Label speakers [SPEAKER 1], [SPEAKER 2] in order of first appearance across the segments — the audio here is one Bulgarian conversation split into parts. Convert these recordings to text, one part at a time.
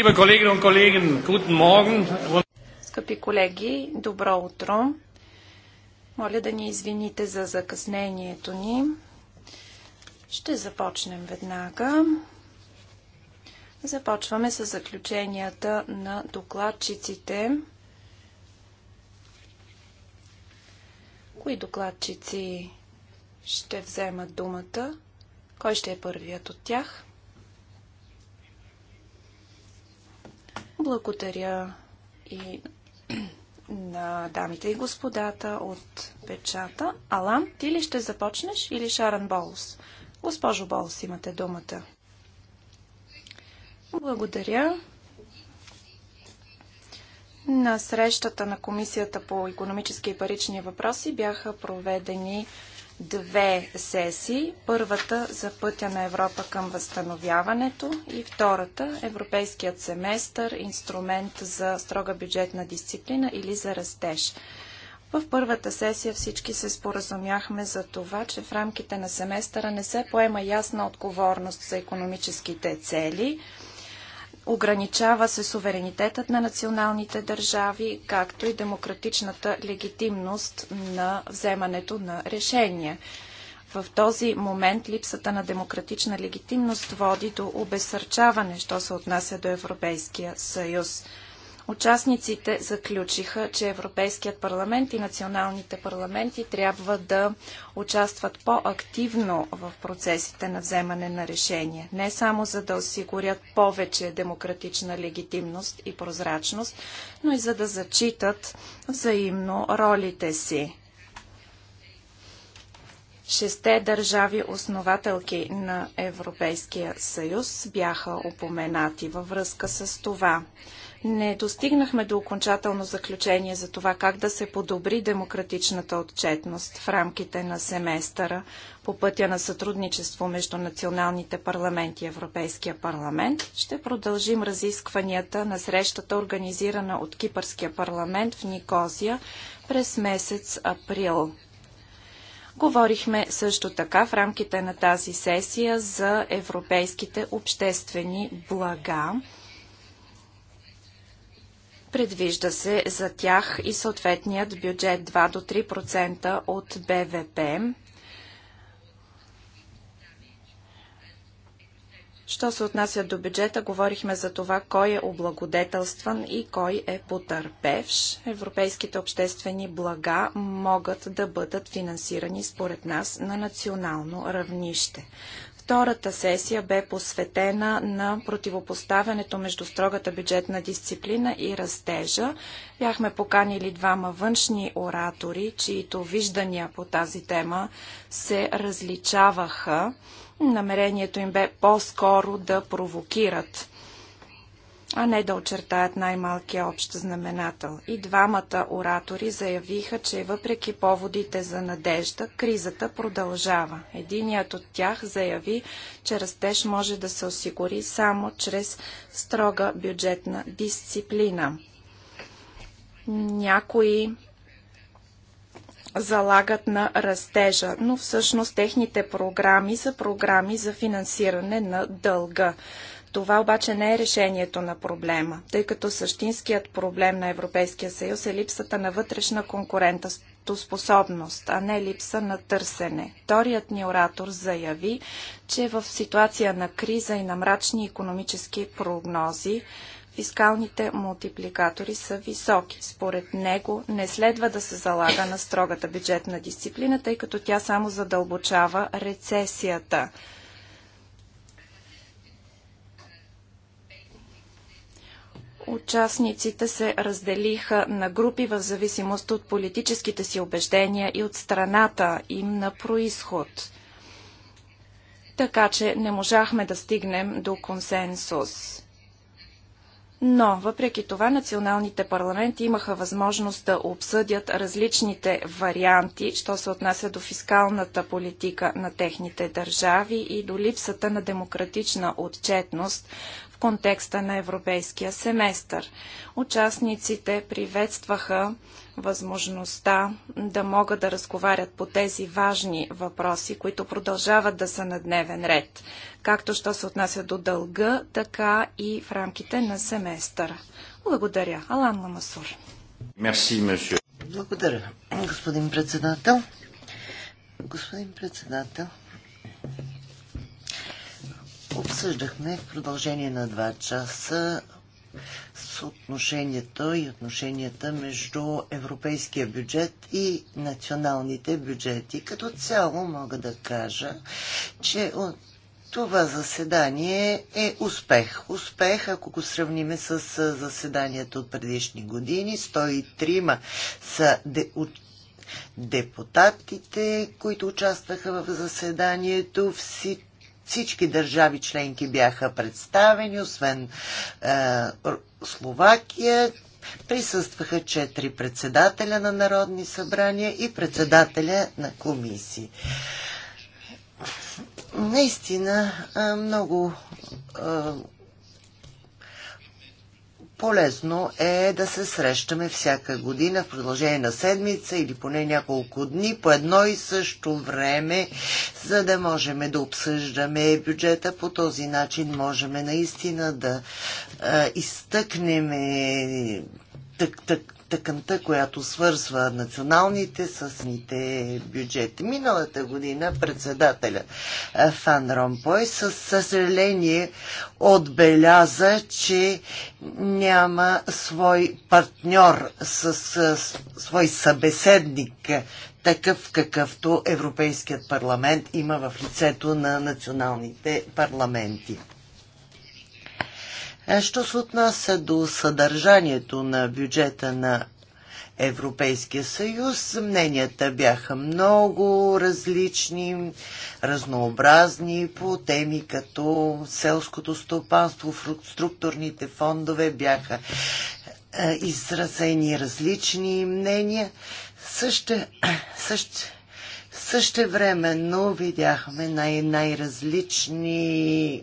[SPEAKER 1] Liebe Kolleginnen und Kollegen, guten Morgen. Скъпи колеги, добро утро. Моля да ни извините за закъснението ни. Ще започнем веднага. Започваме с заключенията на докладчиците. Кои докладчици ще вземат думата? Кой ще е първият от тях? Благодаря и на дамите и господата от печата. Алан, ти ли ще започнеш или Шаран Болс? Госпожо Болс, имате думата. Благодаря. На срещата на Комисията по економически и парични въпроси бяха проведени две сесии. Първата за пътя на Европа към възстановяването и втората Европейският семестър, инструмент за строга бюджетна дисциплина или за растеж. В първата сесия всички се споразумяхме за това, че в рамките на семестъра не се поема ясна отговорност за економическите цели – Ограничава се суверенитетът на националните държави, както и демократичната легитимност на вземането на решения. В този момент липсата на демократична легитимност води до обесърчаване, що се отнася до Европейския съюз. Участниците заключиха, че Европейският парламент и националните парламенти трябва да участват по-активно в процесите на вземане на решения, не само за да осигурят повече демократична легитимност и прозрачност, но и за да зачитат взаимно ролите си шесте държави основателки на Европейския съюз бяха упоменати във връзка с това не достигнахме до окончателно заключение за това как да се подобри демократичната отчетност в рамките на семестъра по пътя на сътрудничество между националните парламенти и Европейския парламент. Ще продължим разискванията на срещата, организирана от Кипърския парламент в Никозия през месец април. Говорихме също така в рамките на тази сесия за европейските обществени блага. Предвижда се за тях и съответният бюджет 2 до 3% от БВП. Що се отнася до бюджета, говорихме за това кой е облагодетелстван и кой е потърпевш. Европейските обществени блага могат да бъдат финансирани според нас на национално равнище. Втората сесия бе посветена на противопоставянето между строгата бюджетна дисциплина и растежа. Бяхме поканили двама външни оратори, чието виждания по тази тема се различаваха. Намерението им бе по-скоро да провокират а не да очертаят най-малкия общ знаменател. И двамата оратори заявиха, че въпреки поводите за надежда, кризата продължава. Единият от тях заяви, че растеж може да се осигури само чрез строга бюджетна дисциплина. Някои залагат на растежа, но всъщност техните програми са програми за финансиране на дълга. Това обаче не е решението на проблема, тъй като същинският проблем на Европейския съюз е липсата на вътрешна конкурента способност, а не липса на търсене. Вторият ни оратор заяви, че в ситуация на криза и на мрачни економически прогнози, фискалните мултипликатори са високи. Според него не следва да се залага на строгата бюджетна дисциплина, тъй като тя само задълбочава рецесията. Участниците се разделиха на групи в зависимост от политическите си убеждения и от страната им на происход. Така че не можахме да стигнем до консенсус. Но, въпреки това, националните парламенти имаха възможност да обсъдят различните варианти, що се отнася до фискалната политика на техните държави и до липсата на демократична отчетност в контекста на европейския семестър. Участниците приветстваха възможността да могат да разговарят по тези важни въпроси, които продължават да са на дневен ред, както що се отнася до дълга, така и в рамките на семестър. Благодаря. Алан Ламасур. Благодаря,
[SPEAKER 2] господин председател. Господин председател, Обсъждахме в продължение на два часа съотношението и отношенията между европейския бюджет и националните бюджети. Като цяло мога да кажа, че от това заседание е успех. Успех, ако го сравниме с заседанието от предишни години. 103 са де, депутатите, които участваха в заседанието. Всички всички държави членки бяха представени, освен е, Словакия. Присъстваха четири председателя на народни събрания и председателя на комисии. Наистина е, много е, по-лесно е да се срещаме всяка година в продължение на седмица или поне няколко дни по едно и също време, за да можем да обсъждаме бюджета. По този начин можем наистина да а, изтъкнем е, так, так, тъканта, която свързва националните с ните бюджети. Миналата година председателя Фан Ромпой със съжаление отбеляза, че няма свой партньор, с, с, свой събеседник, такъв какъвто Европейският парламент има в лицето на националните парламенти. Е, що се отнася до съдържанието на бюджета на Европейския съюз, мненията бяха много различни, разнообразни по теми като селското стопанство, структурните фондове бяха е, изразени различни мнения. Също, също, също времено видяхме най- най-различни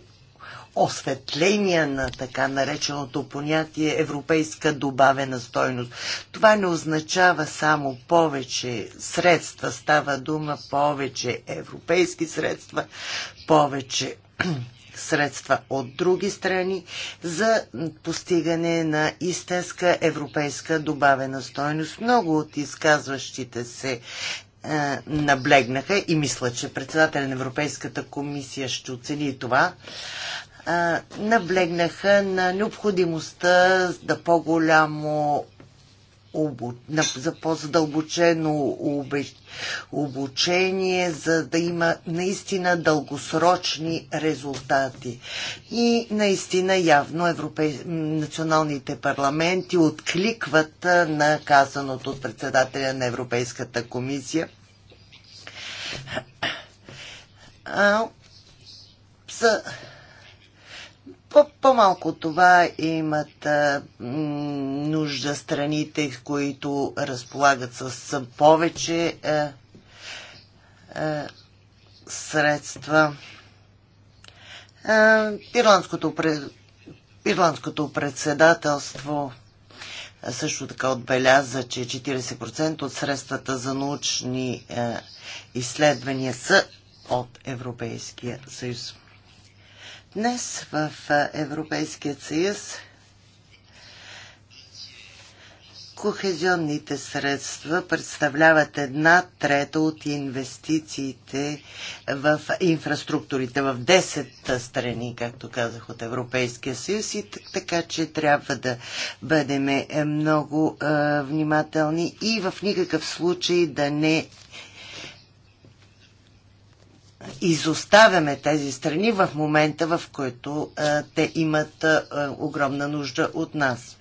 [SPEAKER 2] Осветление на така нареченото понятие европейска добавена стойност. Това не означава само повече средства, става дума повече европейски средства, повече средства от други страни за постигане на истинска европейска добавена стойност. Много от изказващите се е, наблегнаха и мисля, че председател на Европейската комисия ще оцени това, наблегнаха на необходимостта да по-голямо за по-задълбочено обучение, за да има наистина дългосрочни резултати. И наистина явно европей... националните парламенти откликват на казаното от председателя на Европейската комисия. А, за по-малко -по това имат а, нужда страните, които разполагат с повече а, е, а, е, средства. Е, ирландското, ирландското, ирландското председателство също така отбеляза, че 40% от средствата за научни изследвания са от Европейския съюз. Днес в Европейския съюз Кохезионните средства представляват една трета от инвестициите в инфраструктурите в 10 страни, както казах, от Европейския съюз и така, че трябва да бъдем е, много е, внимателни и в никакъв случай да не изоставяме тези страни в момента, в който е, те имат е, огромна нужда от нас.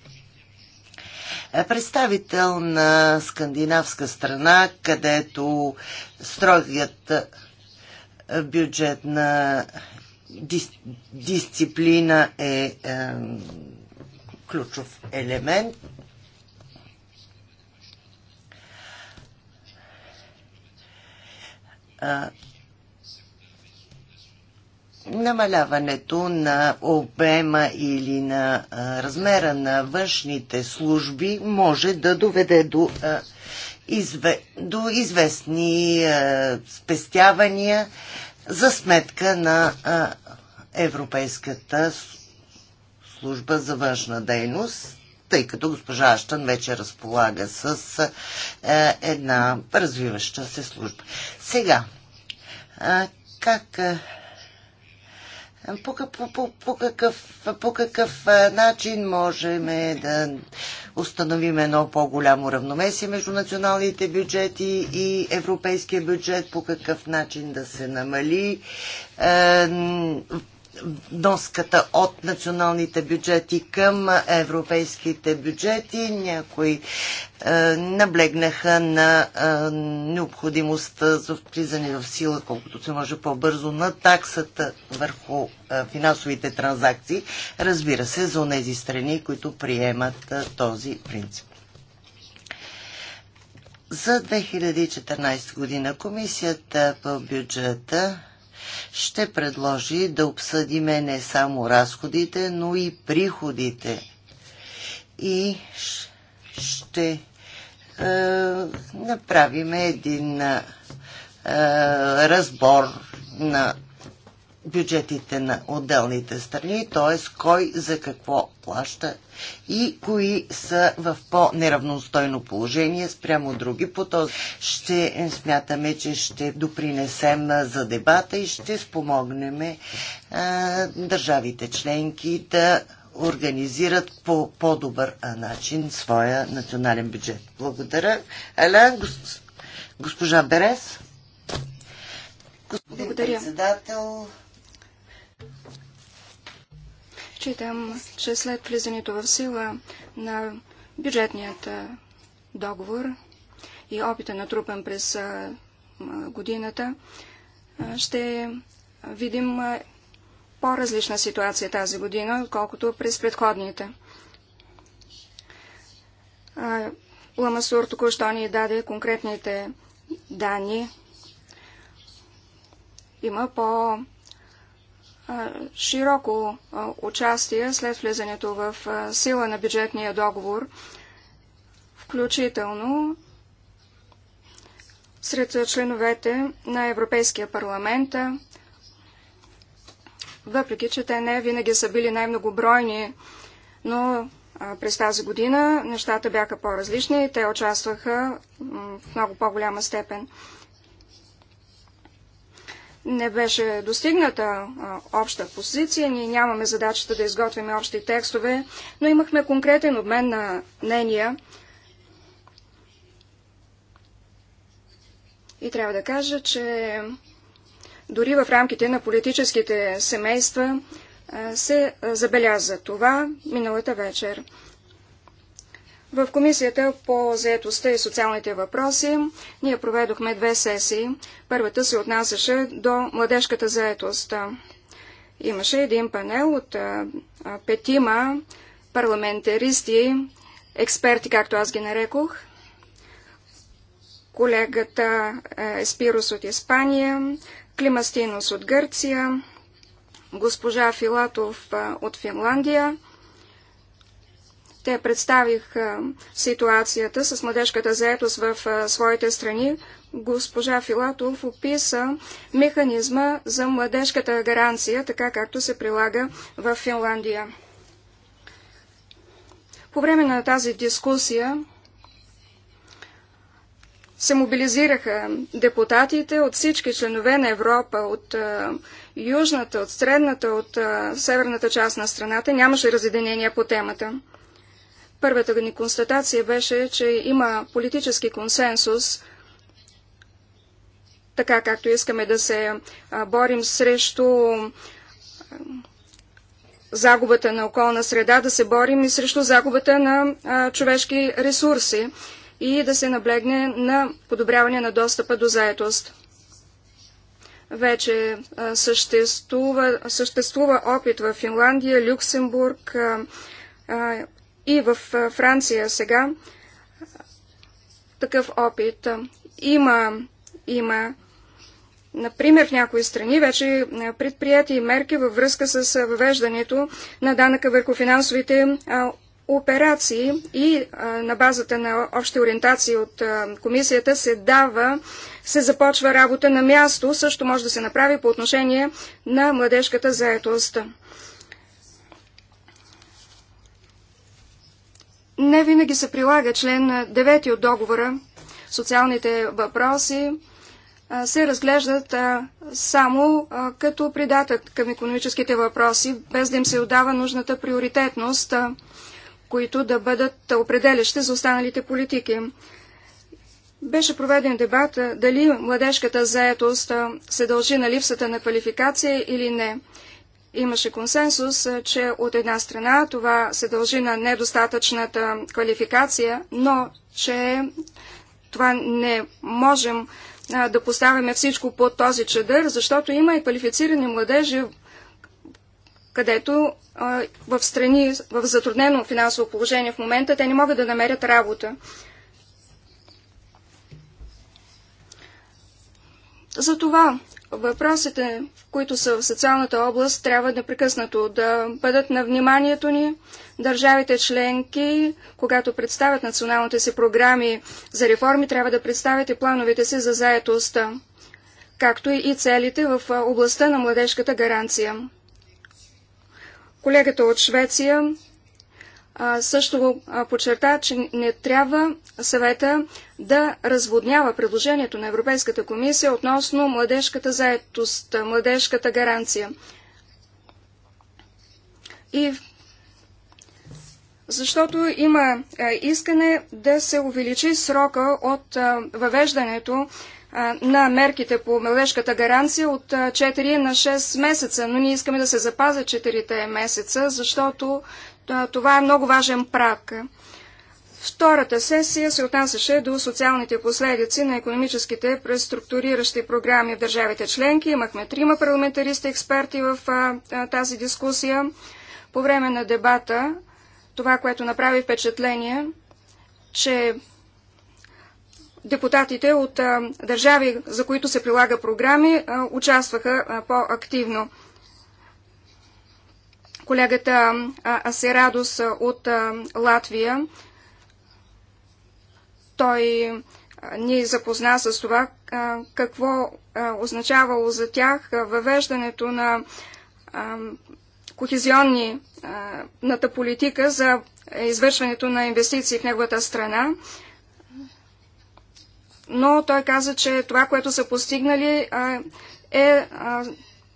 [SPEAKER 2] Е, представител на скандинавска страна, където строгият бюджет на дис, дисциплина е, е ключов елемент. А, намаляването на обема или на а, размера на външните служби може да доведе до, а, изве, до известни а, спестявания за сметка на а, Европейската служба за външна дейност, тъй като госпожа Аштан вече разполага с а, една развиваща се служба. Сега, а, как. А, по, по, по, по, какъв, по какъв начин можем да установим едно по-голямо равновесие между националните бюджети и европейския бюджет, по какъв начин да се намали е, доската от националните бюджети към европейските бюджети. Някои е, наблегнаха на е, необходимостта за влизане в сила, колкото се може по-бързо, на таксата върху е, финансовите транзакции. Разбира се, за тези страни, които приемат е, този принцип. За 2014 година комисията по бюджета ще предложи да обсъдиме не само разходите, но и приходите. И ще е, направим един е, разбор на бюджетите на отделните страни, т.е. кой за какво плаща и кои са в по-неравностойно положение спрямо други. По този ще смятаме, че ще допринесем за дебата и ще спомогнем а, държавите членки да организират по по-добър начин своя национален бюджет. Благодаря. Аля, госпожа Берес. Господин Благодаря. председател,
[SPEAKER 3] Считам, че след влизането в сила на бюджетният договор и опита на трупен през годината, ще видим по-различна ситуация тази година, отколкото през предходните. Ламасур току-що ни даде конкретните данни. Има по- широко участие след влизането в сила на бюджетния договор, включително сред членовете на Европейския парламент, въпреки че те не винаги са били най-многобройни, но през тази година нещата бяха по-различни и те участваха в много по-голяма степен не беше достигната а, обща позиция. Ние нямаме задачата да изготвим общи текстове, но имахме конкретен обмен на мнения. И трябва да кажа, че дори в рамките на политическите семейства се забеляза това миналата вечер. В Комисията по заетостта и социалните въпроси ние проведохме две сесии. Първата се отнасяше до младежката заетост. Имаше един панел от петима парламентаристи, експерти, както аз ги нарекох. Колегата Еспирос от Испания, Климастинос от Гърция, госпожа Филатов от Финландия – те представих ситуацията с младежката заетост в своите страни. Госпожа Филатов описа механизма за младежката гаранция, така както се прилага в Финландия. По време на тази дискусия се мобилизираха депутатите от всички членове на Европа, от а, южната, от средната, от а, северната част на страната. Нямаше разединение по темата. Първата ни констатация беше, че има политически консенсус, така както искаме да се борим срещу загубата на околна среда, да се борим и срещу загубата на човешки ресурси и да се наблегне на подобряване на достъпа до заетост. Вече съществува, съществува опит в Финландия, Люксембург, и в Франция сега такъв опит. Има, има, например, в някои страни вече предприяти мерки във връзка с въвеждането на данъка върху финансовите операции и а, на базата на общи ориентации от а, комисията се дава, се започва работа на място. Също може да се направи по отношение на младежката заетост. не винаги се прилага член 9 от договора. Социалните въпроси се разглеждат само като придатък към економическите въпроси, без да им се отдава нужната приоритетност, които да бъдат определящи за останалите политики. Беше проведен дебат дали младежката заетост се дължи на липсата на квалификация или не. Имаше консенсус, е, че от една страна това се дължи на недостатъчната квалификация, но че това не можем е, да поставяме всичко под този чадър, защото има и квалифицирани младежи, където е, в страни в затруднено финансово положение в момента те не могат да намерят работа. Затова Въпросите, които са в социалната област, трябва непрекъснато да бъдат на вниманието ни. Държавите членки, когато представят националните си програми за реформи, трябва да представят и плановете си за заетостта, както и целите в областта на младежката гаранция. Колегата от Швеция също подчерта, че не трябва съвета да разводнява предложението на Европейската комисия относно младежката заетост, младежката гаранция. И защото има искане да се увеличи срока от въвеждането на мерките по младежката гаранция от 4 на 6 месеца, но ние искаме да се запазят 4 месеца, защото това е много важен прак. Втората сесия се отнасяше до социалните последици на економическите преструктуриращи програми в държавите членки. Имахме трима парламентаристи експерти в тази дискусия. По време на дебата това, което направи впечатление, че депутатите от държави, за които се прилага програми, участваха по-активно колегата Асерадос от Латвия. Той ни запозна с това какво означавало за тях въвеждането на кохезионната политика за извършването на инвестиции в неговата страна. Но той каза, че това, което са постигнали е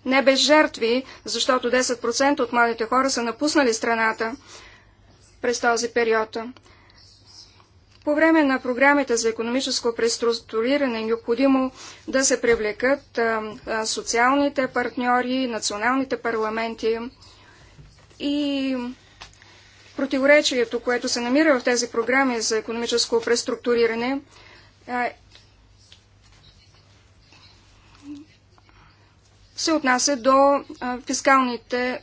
[SPEAKER 3] не без жертви, защото 10% от младите хора са напуснали страната през този период. По време на програмите за економическо преструктуриране е необходимо да се привлекат а, а, социалните партньори, националните парламенти и противоречието, което се намира в тези програми за економическо преструктуриране, а, се отнася до фискалните,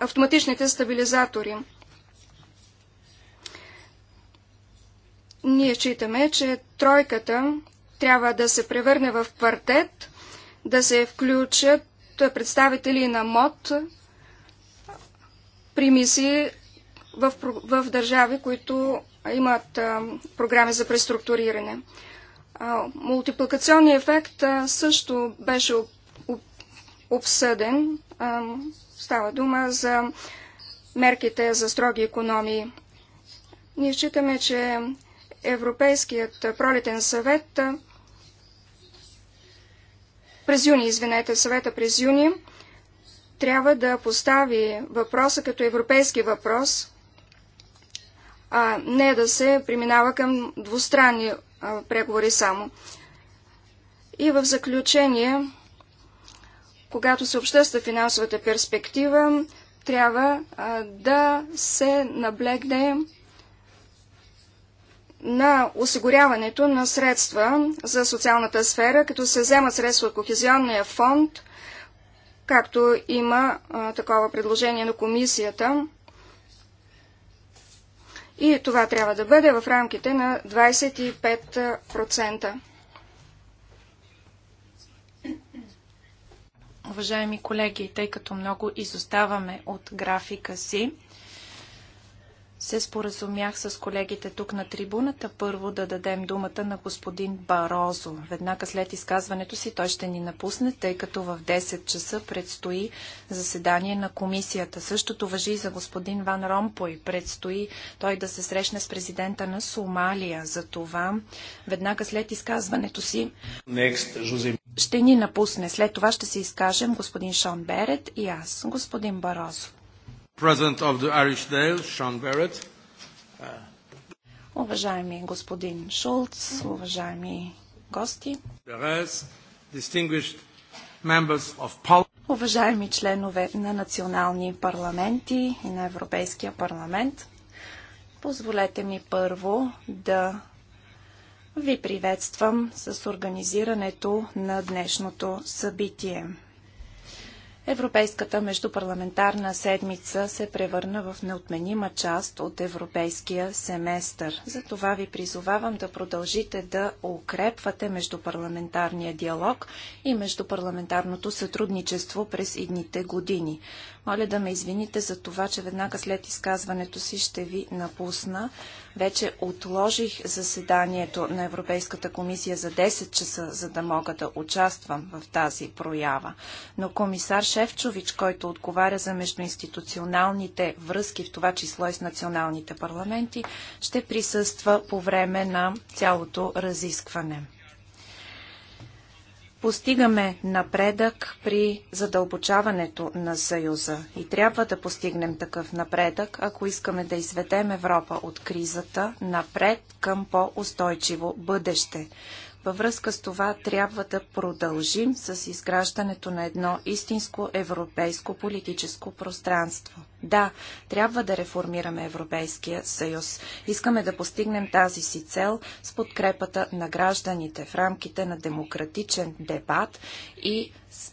[SPEAKER 3] автоматичните стабилизатори. Ние считаме, че тройката трябва да се превърне в квартет, да се включат представители на МОД при мисии в, в държави, които имат а, програми за преструктуриране. А, мултипликационният ефект а, също беше обсъден. Става дума за мерките за строги економии. Ние считаме, че Европейският пролетен съвет през юни, извинете, съвета през юни, трябва да постави въпроса като европейски въпрос, а не да се преминава към двустранни преговори само. И в заключение когато се обществя финансовата перспектива, трябва а, да се наблегне на осигуряването на средства за социалната сфера, като се вземат средства от Кохезионния фонд, както има а, такова предложение на комисията. И това трябва да бъде в рамките на 25%.
[SPEAKER 1] Уважаеми колеги, тъй като много изоставаме от графика си, се споразумях с колегите тук на трибуната първо да дадем думата на господин Барозо. Веднага след изказването си той ще ни напусне, тъй като в 10 часа предстои заседание на комисията. Същото въжи и за господин Ван Ромпой. Предстои той да се срещне с президента на Сомалия. За това веднага след изказването си
[SPEAKER 3] Next,
[SPEAKER 1] ще ни напусне. След това ще се изкажем господин Шон Берет и аз, господин Барозо.
[SPEAKER 3] President of the Irish Dale, Sean Barrett. Uh,
[SPEAKER 1] уважаеми господин Шулц, уважаеми гости,
[SPEAKER 3] distinguished members of
[SPEAKER 1] уважаеми членове на национални парламенти и на Европейския парламент, позволете ми първо да ви приветствам с организирането на днешното събитие – Европейската междупарламентарна седмица се превърна в неотменима част от европейския семестър. Затова ви призовавам да продължите да укрепвате междупарламентарния диалог и междупарламентарното сътрудничество през идните години. Моля да ме извините за това, че веднага след изказването си ще ви напусна. Вече отложих заседанието на Европейската комисия за 10 часа, за да мога да участвам в тази проява. Но комисар Шефчович, който отговаря за междуинституционалните връзки, в това число и с националните парламенти, ще присъства по време на цялото разискване. Постигаме напредък при задълбочаването на Съюза и трябва да постигнем такъв напредък, ако искаме да изведем Европа от кризата напред към по-устойчиво бъдеще. Във връзка с това трябва да продължим с изграждането на едно истинско европейско политическо пространство. Да, трябва да реформираме Европейския съюз. Искаме да постигнем тази си цел с подкрепата на гражданите в рамките на демократичен дебат и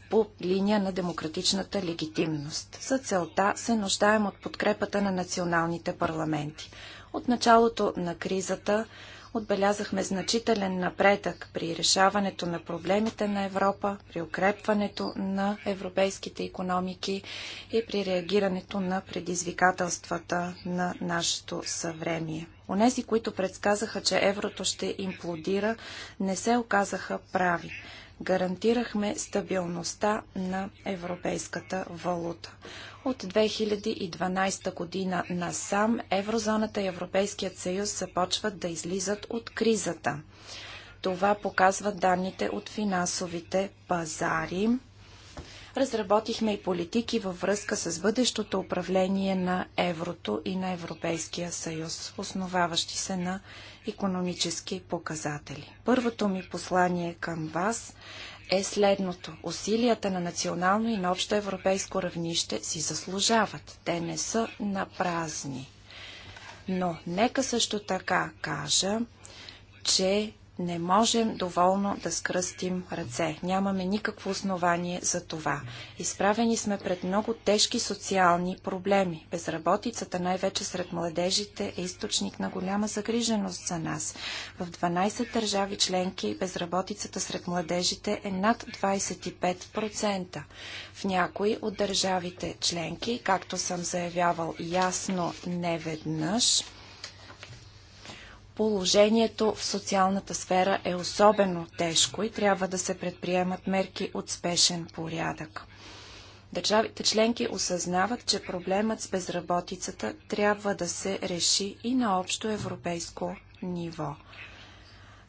[SPEAKER 1] по линия на демократичната легитимност. За целта се нуждаем от подкрепата на националните парламенти. От началото на кризата Отбелязахме значителен напредък при решаването на проблемите на Европа, при укрепването на европейските економики и при реагирането на предизвикателствата на нашето съвремие. Онези, които предсказаха, че еврото ще имплодира, не се оказаха прави гарантирахме стабилността на европейската валута. От 2012 година насам еврозоната и Европейският съюз започват да излизат от кризата. Това показват данните от финансовите пазари. Разработихме и политики във връзка с бъдещото управление на еврото и на Европейския съюз, основаващи се на економически показатели. Първото ми послание към вас е следното. Усилията на национално и на общо европейско равнище си заслужават. Те не са на празни. Но нека също така кажа, че не можем доволно да скръстим ръце. Нямаме никакво основание за това. Изправени сме пред много тежки социални проблеми. Безработицата, най-вече сред младежите, е източник на голяма загриженост за нас. В 12 държави членки безработицата сред младежите е над 25%. В някои от държавите членки, както съм заявявал ясно неведнъж, Положението в социалната сфера е особено тежко и трябва да се предприемат мерки от спешен порядък. Държавите членки осъзнават, че проблемът с безработицата трябва да се реши и на общо европейско ниво.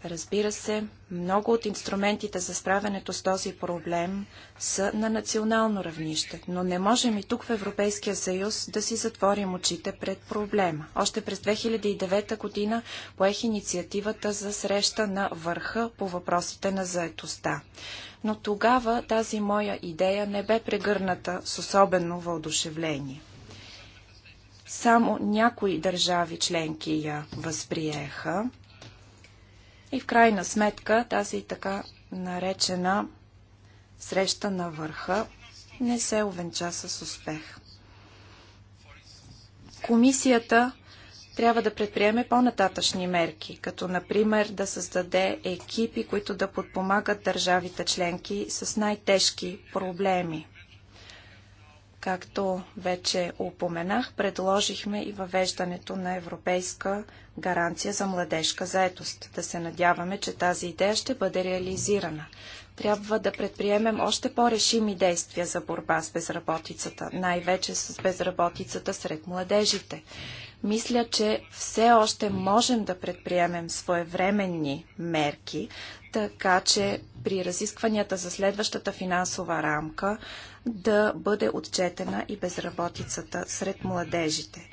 [SPEAKER 1] Разбира се, много от инструментите за справянето с този проблем са на национално равнище, но не можем и тук в Европейския съюз да си затворим очите пред проблема. Още през 2009 година поех инициативата за среща на върха по въпросите на заетостта. Но тогава тази моя идея не бе прегърната с особено въодушевление. Само някои държави членки я възприеха и в крайна сметка тази така наречена среща на върха не се овенча с успех. Комисията трябва да предприеме по-нататъчни мерки, като например да създаде екипи, които да подпомагат държавите членки с най-тежки проблеми. Както вече упоменах, предложихме и въвеждането на европейска гаранция за младежка заетост. Да се надяваме, че тази идея ще бъде реализирана. Трябва да предприемем още по-решими действия за борба с безработицата, най-вече с безработицата сред младежите. Мисля, че все още можем да предприемем своевременни мерки, така че при разискванията за следващата финансова рамка да бъде отчетена и безработицата сред младежите.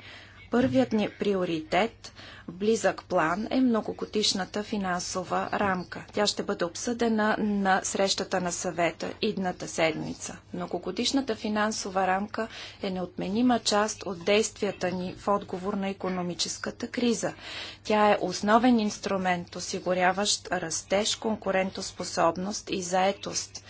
[SPEAKER 1] Първият ни приоритет близък план е многогодишната финансова рамка. Тя ще бъде обсъдена на срещата на съвета идната седмица. Многогодишната финансова рамка е неотменима част от действията ни в отговор на економическата криза. Тя е основен инструмент, осигуряващ растеж, конкурентоспособност и заетост.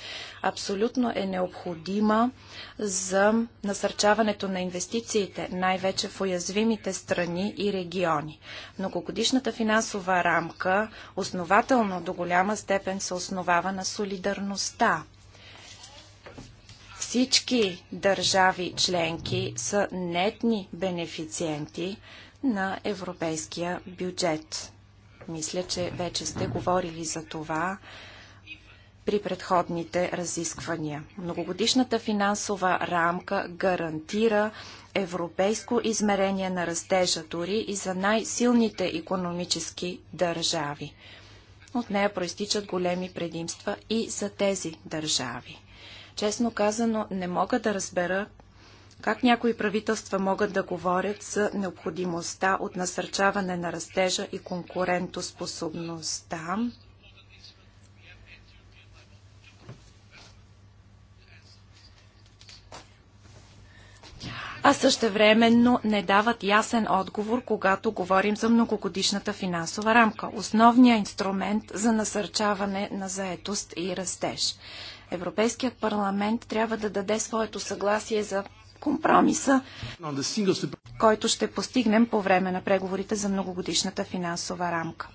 [SPEAKER 1] Абсолютно е необходима за насърчаването на инвестициите, най-вече в уязвимите страни и региони. Многогодишната финансова рамка основателно до голяма степен се основава на солидарността. Всички държави членки са нетни бенефициенти на европейския бюджет. Мисля, че вече сте говорили за това при предходните разисквания. Многогодишната финансова рамка гарантира европейско измерение на растежа, дори и за най-силните економически държави. От нея проистичат големи предимства и за тези държави. Честно казано, не мога да разбера как някои правителства могат да говорят за необходимостта от насърчаване на растежа и конкурентоспособността, а същевременно не дават ясен отговор, когато говорим за многогодишната финансова рамка, основният инструмент за насърчаване на заетост и растеж. Европейският парламент трябва да даде своето съгласие за компромиса, който ще постигнем по време на преговорите за многогодишната финансова рамка.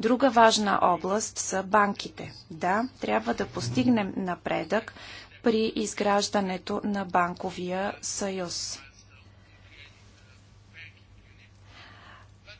[SPEAKER 1] Друга важна област са банките. Да, трябва да постигнем напредък при изграждането на банковия съюз.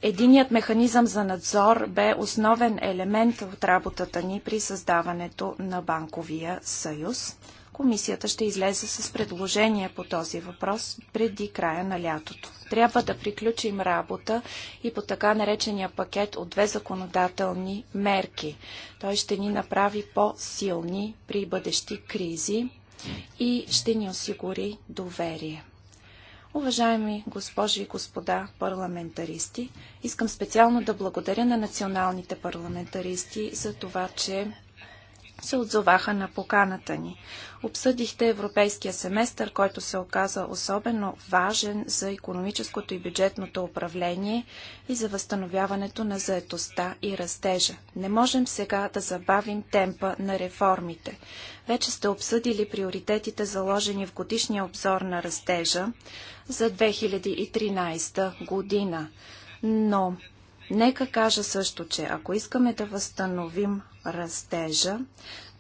[SPEAKER 1] Единият механизъм за надзор бе основен елемент от работата ни при създаването на Банковия съюз. Комисията ще излезе с предложение по този въпрос преди края на лятото. Трябва да приключим работа и по така наречения пакет от две законодателни мерки. Той ще ни направи по-силни при бъдещи кризи и ще ни осигури доверие. Уважаеми госпожи и господа парламентаристи, искам специално да благодаря на националните парламентаристи за това, че се отзоваха на поканата ни. Обсъдихте европейския семестър, който се оказа особено важен за економическото и бюджетното управление и за възстановяването на заетостта и растежа. Не можем сега да забавим темпа на реформите. Вече сте обсъдили приоритетите заложени в годишния обзор на растежа, за 2013 година. Но нека кажа също, че ако искаме да възстановим растежа,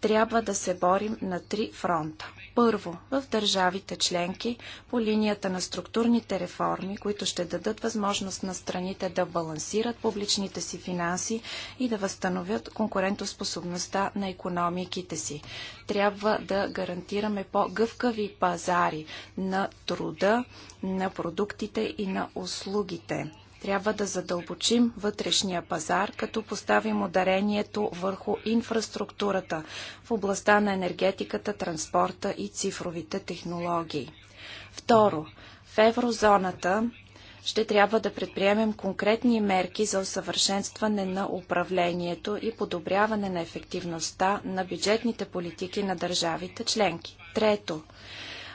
[SPEAKER 1] трябва да се борим на три фронта. Първо, в държавите членки по линията на структурните реформи, които ще дадат възможност на страните да балансират публичните си финанси и да възстановят конкурентоспособността на економиките си. Трябва да гарантираме по-гъвкави пазари на труда, на продуктите и на услугите. Трябва да задълбочим вътрешния пазар, като поставим ударението върху инфраструктурата в областта на енергетиката, транспорта и цифровите технологии. Второ, в еврозоната ще трябва да предприемем конкретни мерки за усъвършенстване на управлението и подобряване на ефективността на бюджетните политики на държавите членки. Трето,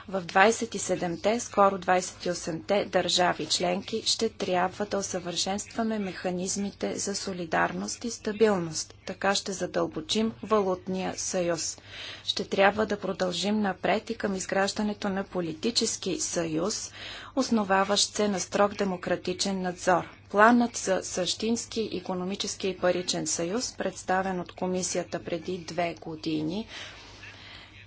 [SPEAKER 1] в 27-те, скоро 28-те държави членки ще трябва да усъвършенстваме механизмите за солидарност и стабилност. Така ще задълбочим валутния съюз. Ще трябва да продължим напред и към изграждането на политически съюз, основаващ се на строг демократичен надзор. Планът за същински економически и паричен съюз, представен от комисията преди две години,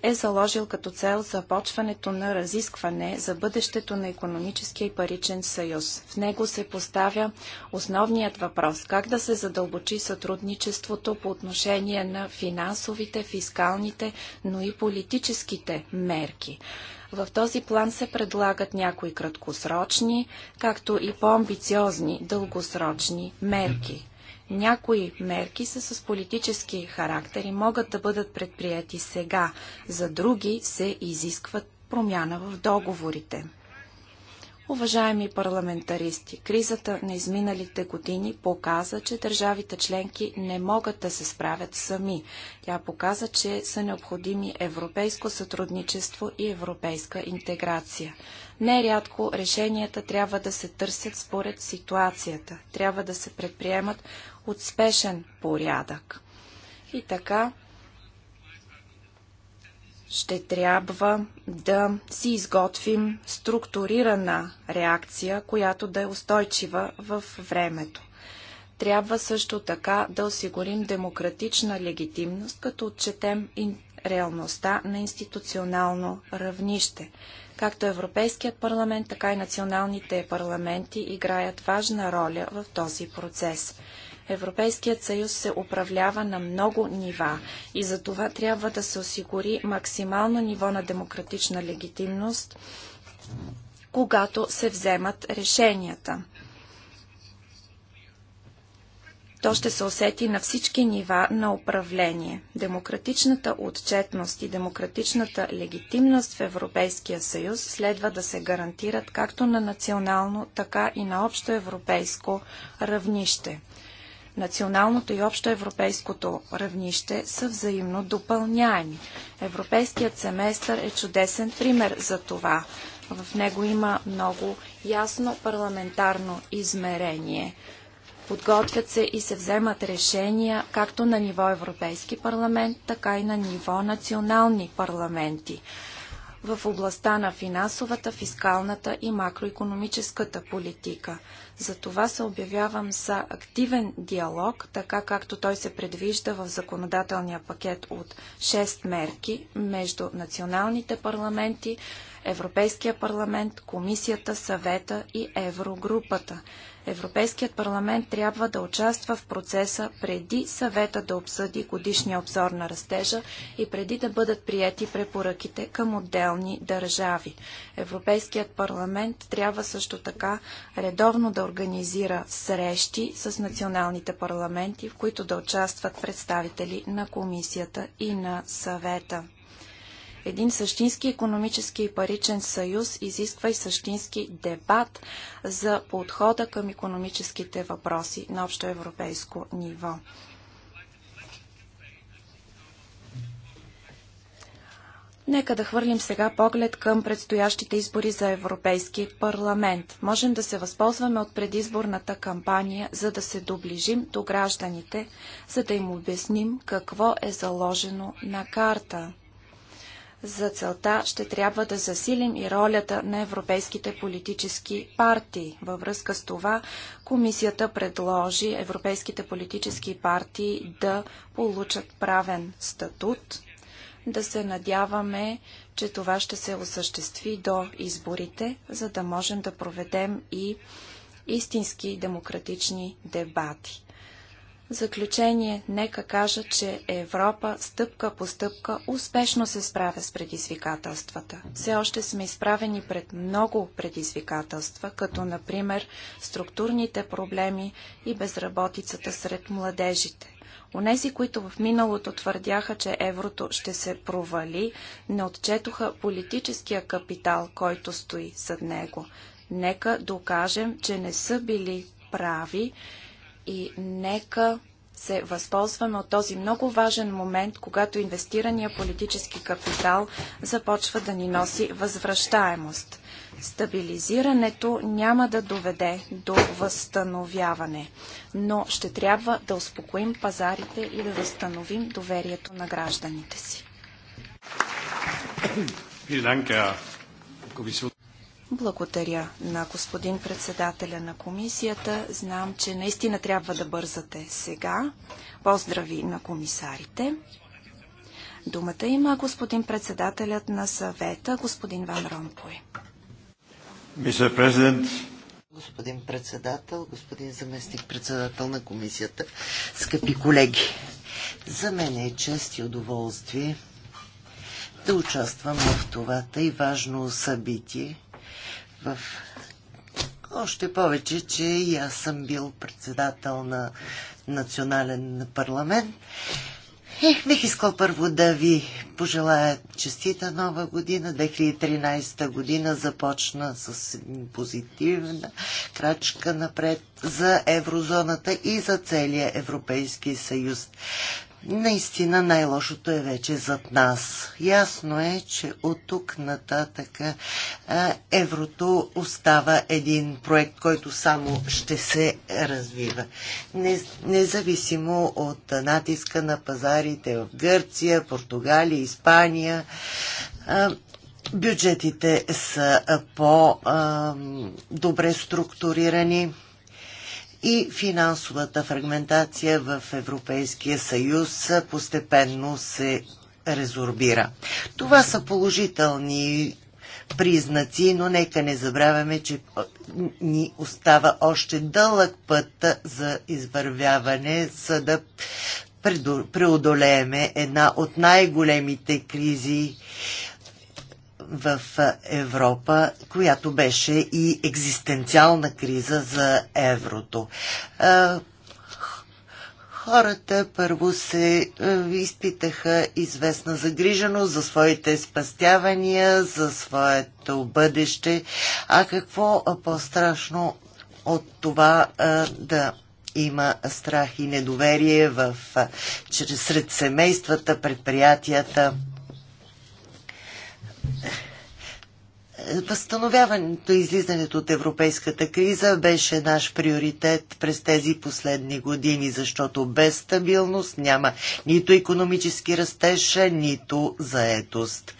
[SPEAKER 1] е заложил като цел започването на разискване за бъдещето на економическия и паричен съюз. В него се поставя основният въпрос как да се задълбочи сътрудничеството по отношение на финансовите, фискалните, но и политическите мерки. В този план се предлагат някои краткосрочни, както и по-амбициозни дългосрочни мерки. Някои мерки са с политически характер и могат да бъдат предприяти сега. За други се изискват промяна в договорите. Уважаеми парламентаристи, кризата на изминалите години показа, че държавите членки не могат да се справят сами. Тя показа, че са необходими европейско сътрудничество и европейска интеграция. Нерядко решенията трябва да се търсят според ситуацията. Трябва да се предприемат от спешен порядък. И така ще трябва да си изготвим структурирана реакция, която да е устойчива в времето. Трябва също така да осигурим демократична легитимност, като отчетем реалността на институционално равнище. Както Европейският парламент, така и националните парламенти играят важна роля в този процес. Европейският съюз се управлява на много нива и за това трябва да се осигури максимално ниво на демократична легитимност, когато се вземат решенията. То ще се усети на всички нива на управление. Демократичната отчетност и демократичната легитимност в Европейския съюз следва да се гарантират както на национално, така и на общо европейско равнище. Националното и общоевропейското равнище са взаимно допълняеми. Европейският семестър е чудесен пример за това. В него има много ясно парламентарно измерение. Подготвят се и се вземат решения както на ниво Европейски парламент, така и на ниво национални парламенти в областта на финансовата, фискалната и макроекономическата политика. За това се обявявам за активен диалог, така както той се предвижда в законодателния пакет от 6 мерки между националните парламенти, Европейския парламент, Комисията, Съвета и Еврогрупата. Европейският парламент трябва да участва в процеса преди съвета да обсъди годишния обзор на растежа и преди да бъдат приети препоръките към отделни държави. Европейският парламент трябва също така редовно да организира срещи с националните парламенти, в които да участват представители на комисията и на съвета. Един същински економически и паричен съюз изисква и същински дебат за подхода към економическите въпроси на общо европейско ниво. Нека да хвърлим сега поглед към предстоящите избори за Европейски парламент. Можем да се възползваме от предизборната кампания, за да се доближим до гражданите, за да им обясним какво е заложено на карта. За целта ще трябва да засилим и ролята на европейските политически партии. Във връзка с това комисията предложи европейските политически партии да получат правен статут. Да се надяваме, че това ще се осъществи до изборите, за да можем да проведем и истински демократични дебати. В заключение, нека кажа, че Европа стъпка по стъпка успешно се справя с предизвикателствата. Все още сме изправени пред много предизвикателства, като например структурните проблеми и безработицата сред младежите. Онези, които в миналото твърдяха, че еврото ще се провали, не отчетоха политическия капитал, който стои зад него. Нека докажем, че не са били прави и нека се възползваме от този много важен момент, когато инвестирания политически капитал започва да ни носи възвръщаемост. Стабилизирането няма да доведе до възстановяване, но ще трябва да успокоим пазарите и да възстановим доверието на гражданите си. Благодаря на господин председателя на комисията. Знам, че наистина трябва да бързате сега. Поздрави на комисарите. Думата има господин председателят на съвета, господин Ван Ромпой.
[SPEAKER 2] Господин председател, господин заместник председател на комисията, скъпи колеги, за мен е чест и удоволствие да участвам в това тъй важно събитие, в още повече, че и аз съм бил председател на национален парламент. и е, бих искал първо да ви пожелая честита нова година. 2013 година започна с позитивна крачка напред за еврозоната и за целия Европейски съюз. Наистина най-лошото е вече зад нас. Ясно е, че от тук нататък еврото остава един проект, който само ще се развива. Независимо от натиска на пазарите в Гърция, Португалия, Испания, бюджетите са по-добре структурирани и финансовата фрагментация в Европейския съюз постепенно се резорбира. Това са положителни признаци, но нека не забравяме, че ни остава още дълъг път за извървяване, за да преодолееме една от най-големите кризи в Европа, която беше и екзистенциална криза за еврото. Хората първо се изпитаха известна загриженост за своите спастявания, за своето бъдеще, а какво по-страшно от това да има страх и недоверие в, чрез, сред семействата, предприятията Възстановяването и излизането от европейската криза беше наш приоритет през тези последни години, защото без стабилност няма нито економически растеж, нито заетост.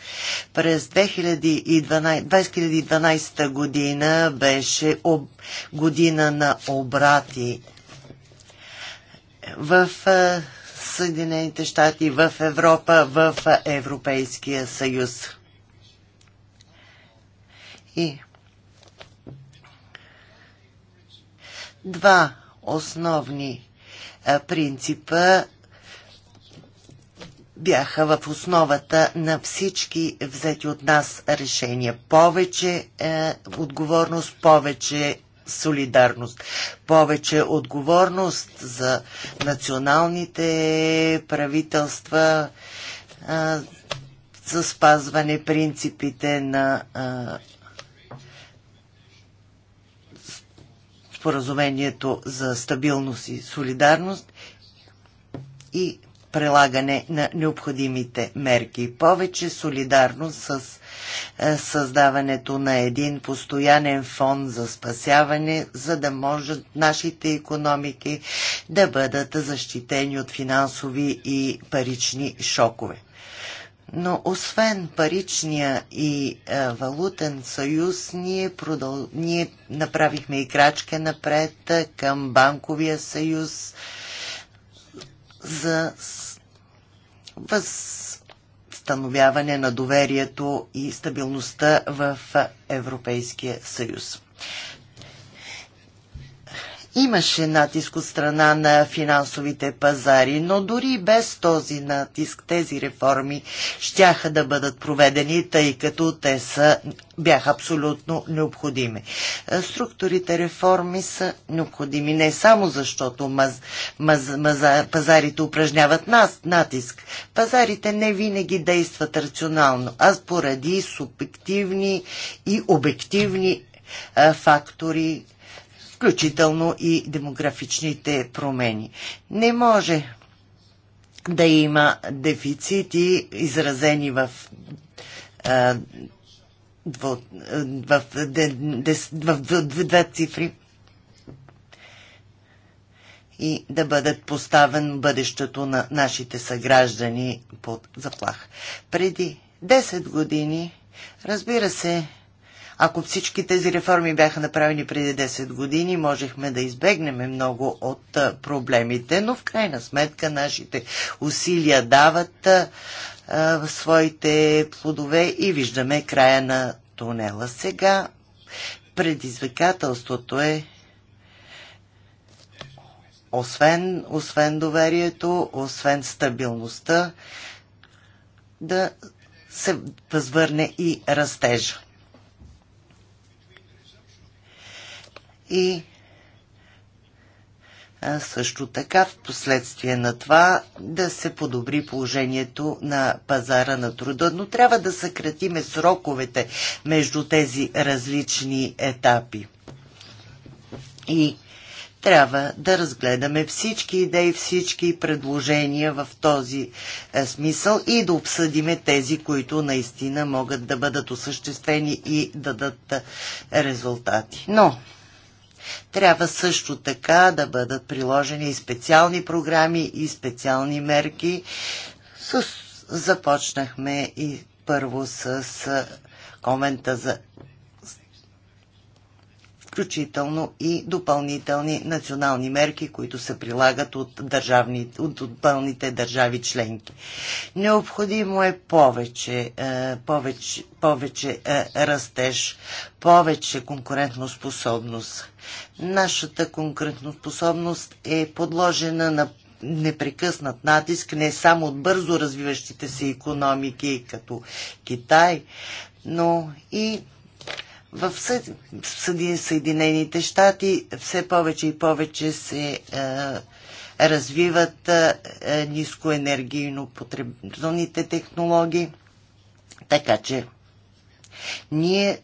[SPEAKER 2] През 2012, 2012 година беше об, година на обрати в Съединените щати, в Европа, в Европейския съюз и два основни принципа бяха в основата на всички взети от нас решения. Повече е, отговорност, повече солидарност, повече отговорност за националните правителства е, за спазване принципите на е, споразумението за стабилност и солидарност и прилагане на необходимите мерки. Повече солидарност с е, създаването на един постоянен фонд за спасяване, за да могат нашите економики да бъдат защитени от финансови и парични шокове. Но освен паричния и а, е, валутен съюз, ние, продъл... ние направихме и крачка напред е, към банковия съюз за възстановяване на доверието и стабилността в е, Европейския съюз. Имаше натиск от страна на финансовите пазари, но дори без този натиск тези реформи щяха да бъдат проведени, тъй като те са, бяха абсолютно необходими. Е, структурите реформи са необходими не само защото маз, маз, маз, пазарите упражняват нас, натиск. Пазарите не винаги действат рационално, а поради субективни и обективни е, фактори, включително и демографичните промени. Не може да има дефицити, изразени в а, в, в, в, в две цифри и да бъдат поставен бъдещето на нашите съграждани под заплаха. Преди 10 години, разбира се, ако всички тези реформи бяха направени преди 10 години, можехме да избегнем много от проблемите, но в крайна сметка нашите усилия дават а, своите плодове и виждаме края на тунела. Сега предизвикателството е освен, освен доверието, освен стабилността, да се възвърне и растежа. и също така в последствие на това да се подобри положението на пазара на труда. Но трябва да съкратиме сроковете между тези различни етапи. И трябва да разгледаме всички идеи, всички предложения в този е, смисъл и да обсъдиме тези, които наистина могат да бъдат осъществени и дадат е, резултати. Но трябва също така да бъдат приложени и специални програми и специални мерки. С... Започнахме и първо с комента за включително и допълнителни национални мерки, които се прилагат от, държавни, от отпълните държави членки. Необходимо е повече, е, повече, повече е, растеж, повече конкурентноспособност. Нашата конкурентоспособност е подложена на непрекъснат натиск не само от бързо развиващите се економики като Китай, но и в Съди Съединените щати все повече и повече се е, развиват е, е, нискоенергийно потребителните технологии, така че ние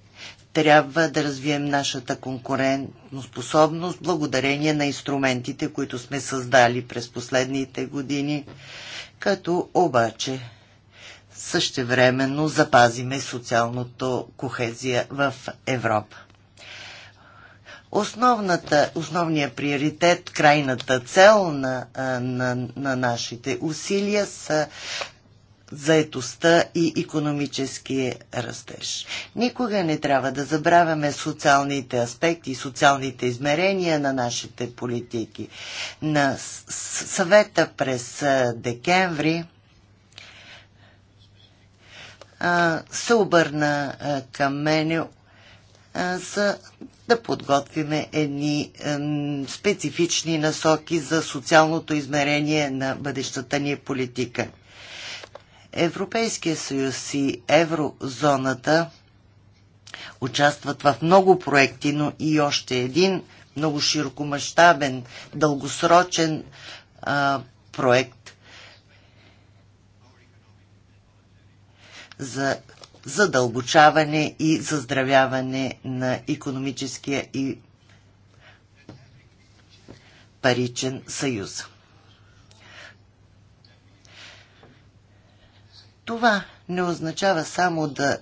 [SPEAKER 2] трябва да развием нашата конкурентоспособност благодарение на инструментите, които сме създали през последните години, като обаче същевременно запазиме социалното кохезия в Европа. Основната, основният приоритет, крайната цел на, на, на нашите усилия са заетостта и економически растеж. Никога не трябва да забравяме социалните аспекти и социалните измерения на нашите политики. На съвета през декември се обърна към мене за да подготвиме едни специфични насоки за социалното измерение на бъдещата ни политика. Европейския съюз и еврозоната участват в много проекти, но и още един много широкомащабен, дългосрочен проект за задълбочаване и заздравяване на економическия и паричен съюз. Това не означава само да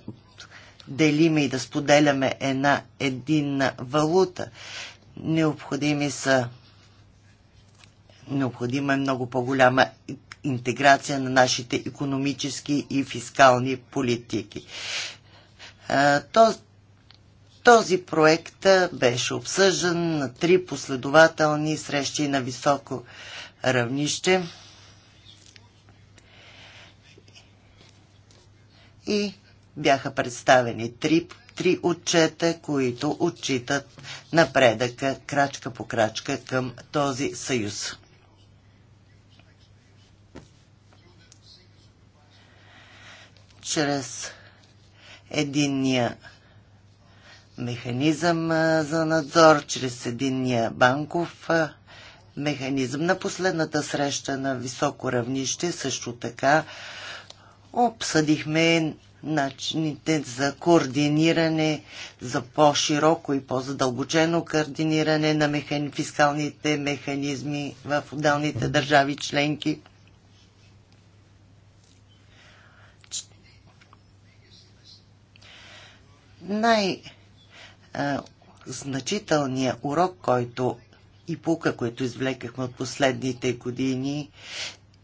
[SPEAKER 2] делиме и да споделяме една единна валута. Необходими са Необходима е много по-голяма интеграция на нашите економически и фискални политики. Този, проект беше обсъждан на три последователни срещи на високо равнище. И бяха представени три, три отчета, които отчитат напредъка крачка по крачка към този съюз. чрез единния механизъм за надзор, чрез единния банков механизъм. На последната среща на високо равнище също така обсъдихме начините за координиране, за по-широко и по-задълбочено координиране на механи, фискалните механизми в отделните държави членки. най- значителният урок, който и пука, който извлекахме от последните години,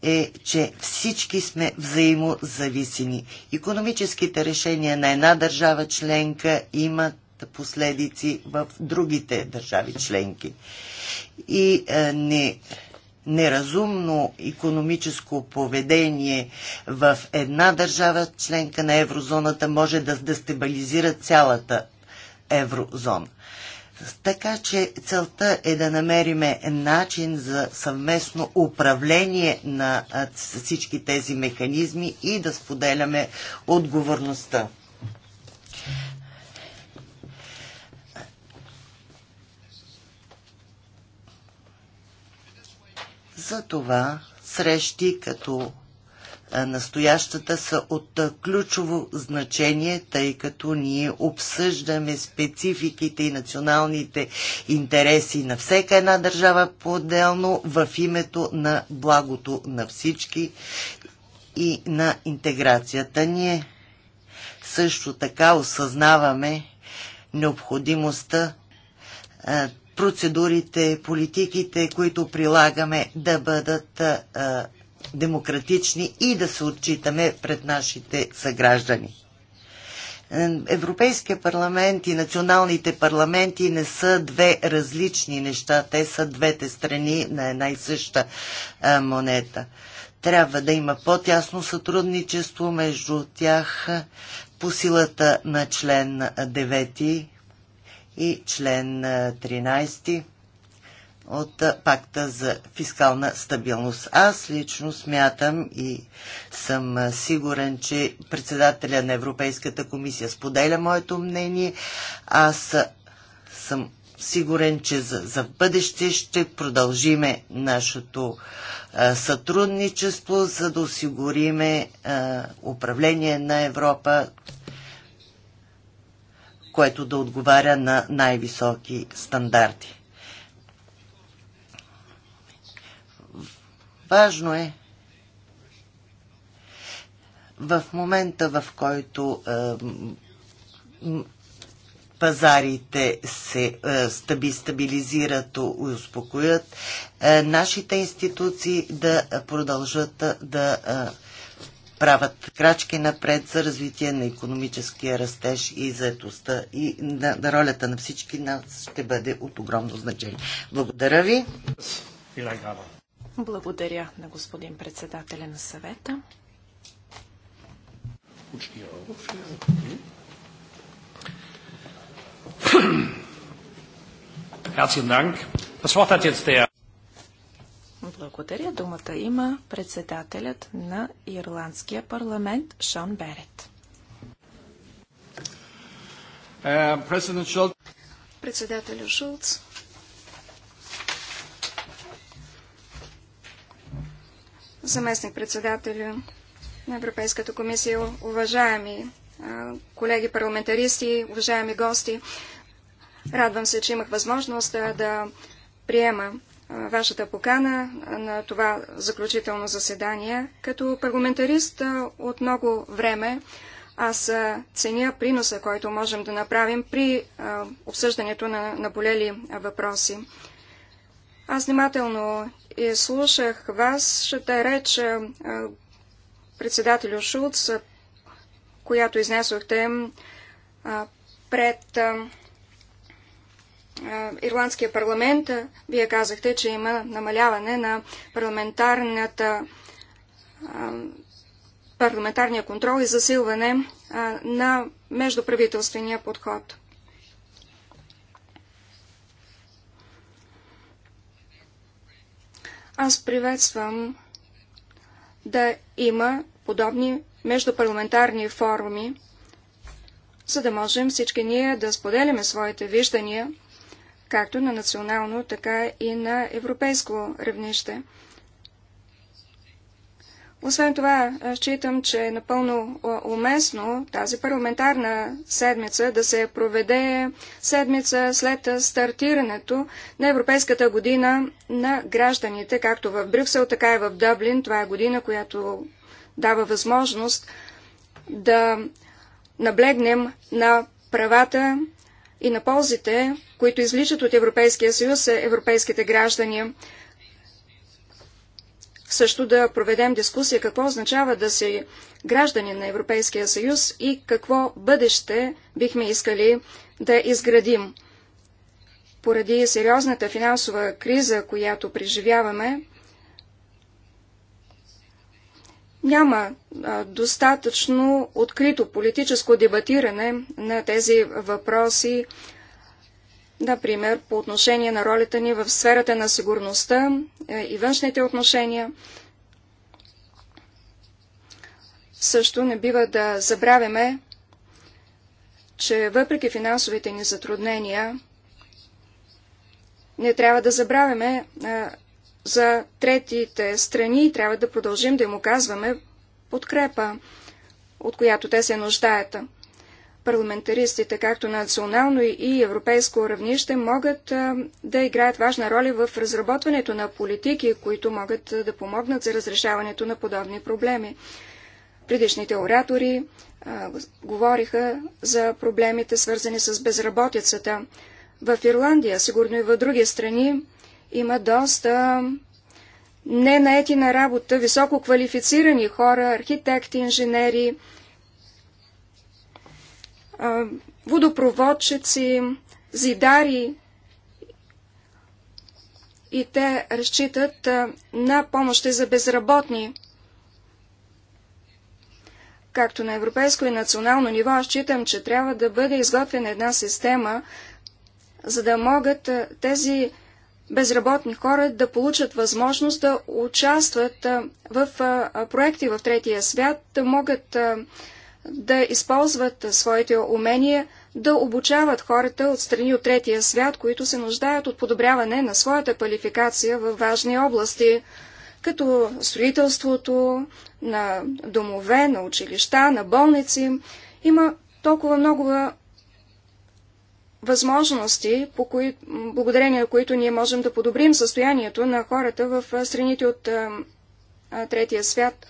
[SPEAKER 2] е, че всички сме взаимозависими. Економическите решения на една държава членка имат последици в другите държави членки. И е, не неразумно економическо поведение в една държава, членка на еврозоната, може да дестабилизира цялата еврозона. Така че целта е да намериме начин за съвместно управление на всички тези механизми и да споделяме отговорността. За това срещи като настоящата са от ключово значение, тъй като ние обсъждаме спецификите и националните интереси на всяка една държава по-отделно в името на благото на всички и на интеграцията. Ние също така осъзнаваме необходимостта процедурите, политиките, които прилагаме, да бъдат а, демократични и да се отчитаме пред нашите съграждани. Европейския парламент и националните парламенти не са две различни неща, те са двете страни на една и съща а, монета. Трябва да има по-тясно сътрудничество между тях по силата на член и член 13 от пакта за фискална стабилност. Аз лично смятам и съм сигурен, че председателя на Европейската комисия споделя моето мнение. Аз съм сигурен, че за, за бъдеще ще продължиме нашето сътрудничество, за да осигуриме управление на Европа което да отговаря на най-високи стандарти. Важно е в момента, в който е, пазарите се е, стабилизират и успокоят, е, нашите институции да продължат да е, правят крачки напред за развитие на економическия растеж и заедостта и на, на ролята на всички нас ще бъде от огромно значение. Благодаря ви.
[SPEAKER 1] Благодаря на господин председателя на съвета. Herzlichen Dank. Das Wort hat jetzt der благодаря. Думата има председателят на Ирландския парламент Шон Берет. Е, председателю Шулц,
[SPEAKER 3] заместник председателю на Европейската комисия, уважаеми е, колеги парламентаристи, уважаеми гости. Радвам се, че имах възможност е, да приема вашата покана на това заключително заседание. Като парламентарист от много време аз ценя приноса, който можем да направим при обсъждането на наболели въпроси. Аз внимателно слушах вашата реч, председателю Шулц, която изнесохте пред Ирландския парламент, вие казахте, че има намаляване на парламентарната парламентарния контрол и засилване на междуправителствения подход. Аз приветствам да има подобни междупарламентарни форуми, за да можем всички ние да споделяме своите виждания както на национално, така и на европейско равнище. Освен това, считам, че е напълно уместно тази парламентарна седмица да се проведе седмица след стартирането на Европейската година на гражданите, както в Брюксел, така и в Дъблин. Това е година, която дава възможност да наблегнем на правата и на ползите, които изличат от Европейския съюз, е европейските граждани. Също да проведем дискусия какво означава да си граждани на Европейския съюз и какво бъдеще бихме искали да изградим. Поради сериозната финансова криза, която преживяваме, няма а, достатъчно открито политическо дебатиране на тези въпроси, например по отношение на ролята ни в сферата на сигурността е, и външните отношения. Също не бива да забравяме, че въпреки финансовите ни затруднения, не трябва да забравяме, за третите страни и трябва да продължим да им оказваме подкрепа, от която те се нуждаят. Парламентаристите, както на национално и европейско равнище, могат да играят важна роля в разработването на политики, които могат да помогнат за разрешаването на подобни проблеми. Предишните оратори а, говориха за проблемите, свързани с безработицата. В Ирландия, сигурно и в други страни, има доста не наети на работа, високо квалифицирани хора, архитекти, инженери, водопроводчици, зидари. И те разчитат на помощи за безработни. Както на европейско и национално ниво, аз считам, че трябва да бъде изготвена една система, за да могат тези безработни хора да получат възможност да участват в проекти в третия свят, да могат да използват своите умения, да обучават хората от страни от третия свят, които се нуждаят от подобряване на своята квалификация в важни области, като строителството на домове, на училища, на болници. Има толкова много възможности, по кои, благодарение на които ние можем да подобрим състоянието на хората в страните от а, а, третия свят.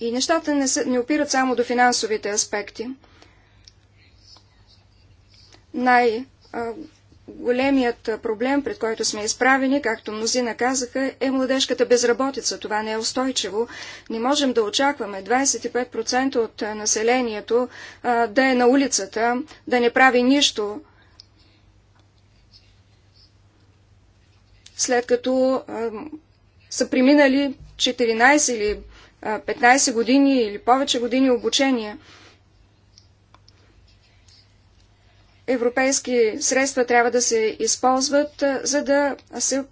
[SPEAKER 3] И нещата не, се, не опират само до финансовите аспекти. Най- Големият проблем, пред който сме изправени, както мнозина казаха, е младежката безработица. Това не е устойчиво. Не можем да очакваме 25% от населението да е на улицата, да не прави нищо, след като са преминали 14 или 15 години или повече години обучение – европейски средства трябва да се използват, за да се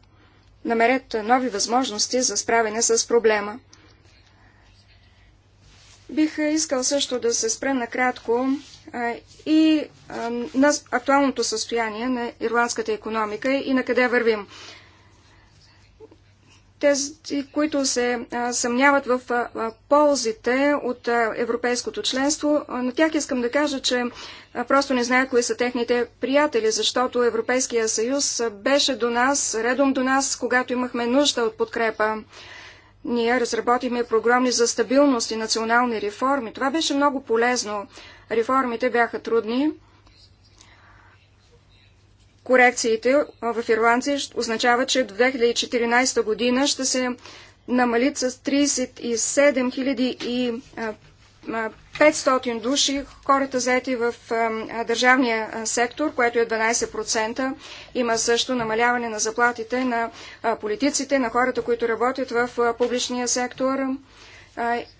[SPEAKER 3] намерят нови възможности за справяне с проблема. Бих искал също да се спра накратко и на актуалното състояние на ирландската економика и на къде вървим тези, които се съмняват в ползите от европейското членство, на тях искам да кажа, че просто не знаят кои са техните приятели, защото Европейския съюз беше до нас, редом до нас, когато имахме нужда от подкрепа. Ние разработихме програми за стабилност и национални реформи. Това беше много полезно. Реформите бяха трудни, корекциите в Ирландия означава, че до 2014 година ще се намалит с 37 500 души хората заети в държавния сектор, което е 12%. Има също намаляване на заплатите на политиците, на хората, които работят в публичния сектор.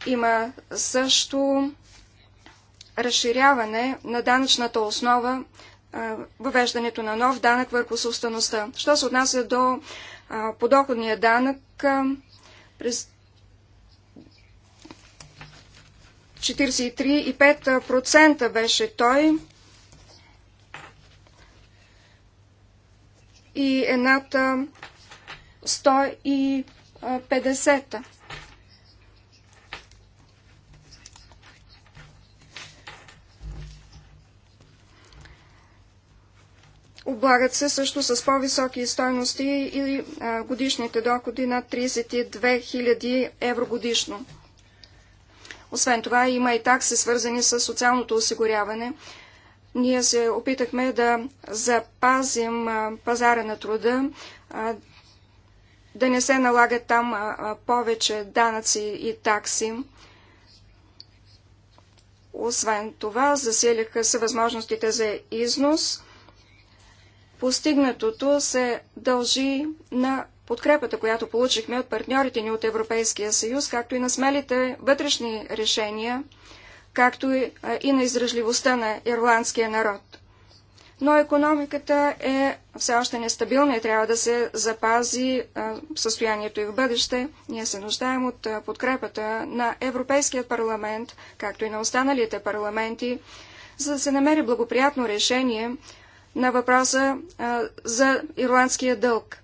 [SPEAKER 3] Има също разширяване на данъчната основа въвеждането на нов данък върху собствеността. Що се отнася до подоходния данък, през 43,5% беше той и едната 150%. Облагат се също с по-високи стойности и годишните доходи на 32 000 евро годишно. Освен това има и такси, свързани с социалното осигуряване. Ние се опитахме да запазим пазара на труда, да не се налагат там повече данъци и такси. Освен това, засилиха се възможностите за износ. Постигнатото се дължи на подкрепата, която получихме от партньорите ни от Европейския съюз, както и на смелите вътрешни решения, както и, на издръжливостта на ирландския народ. Но економиката е все още нестабилна и трябва да се запази състоянието и в бъдеще. Ние се нуждаем от подкрепата на Европейския парламент, както и на останалите парламенти, за да се намери благоприятно решение, на въпроса а, за ирландския дълг.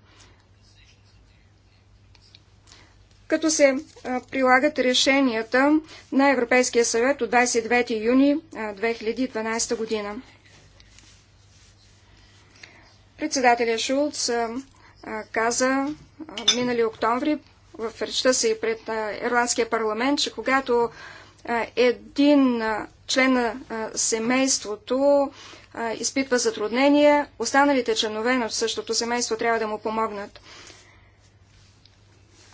[SPEAKER 3] Като се а, прилагат решенията на Европейския съвет от 29 юни а, 2012 година. Председателя Шулц а, каза минали октомври в речта си пред Ирландския парламент, че когато един член на семейството изпитва затруднения, останалите членове на същото семейство трябва да му помогнат.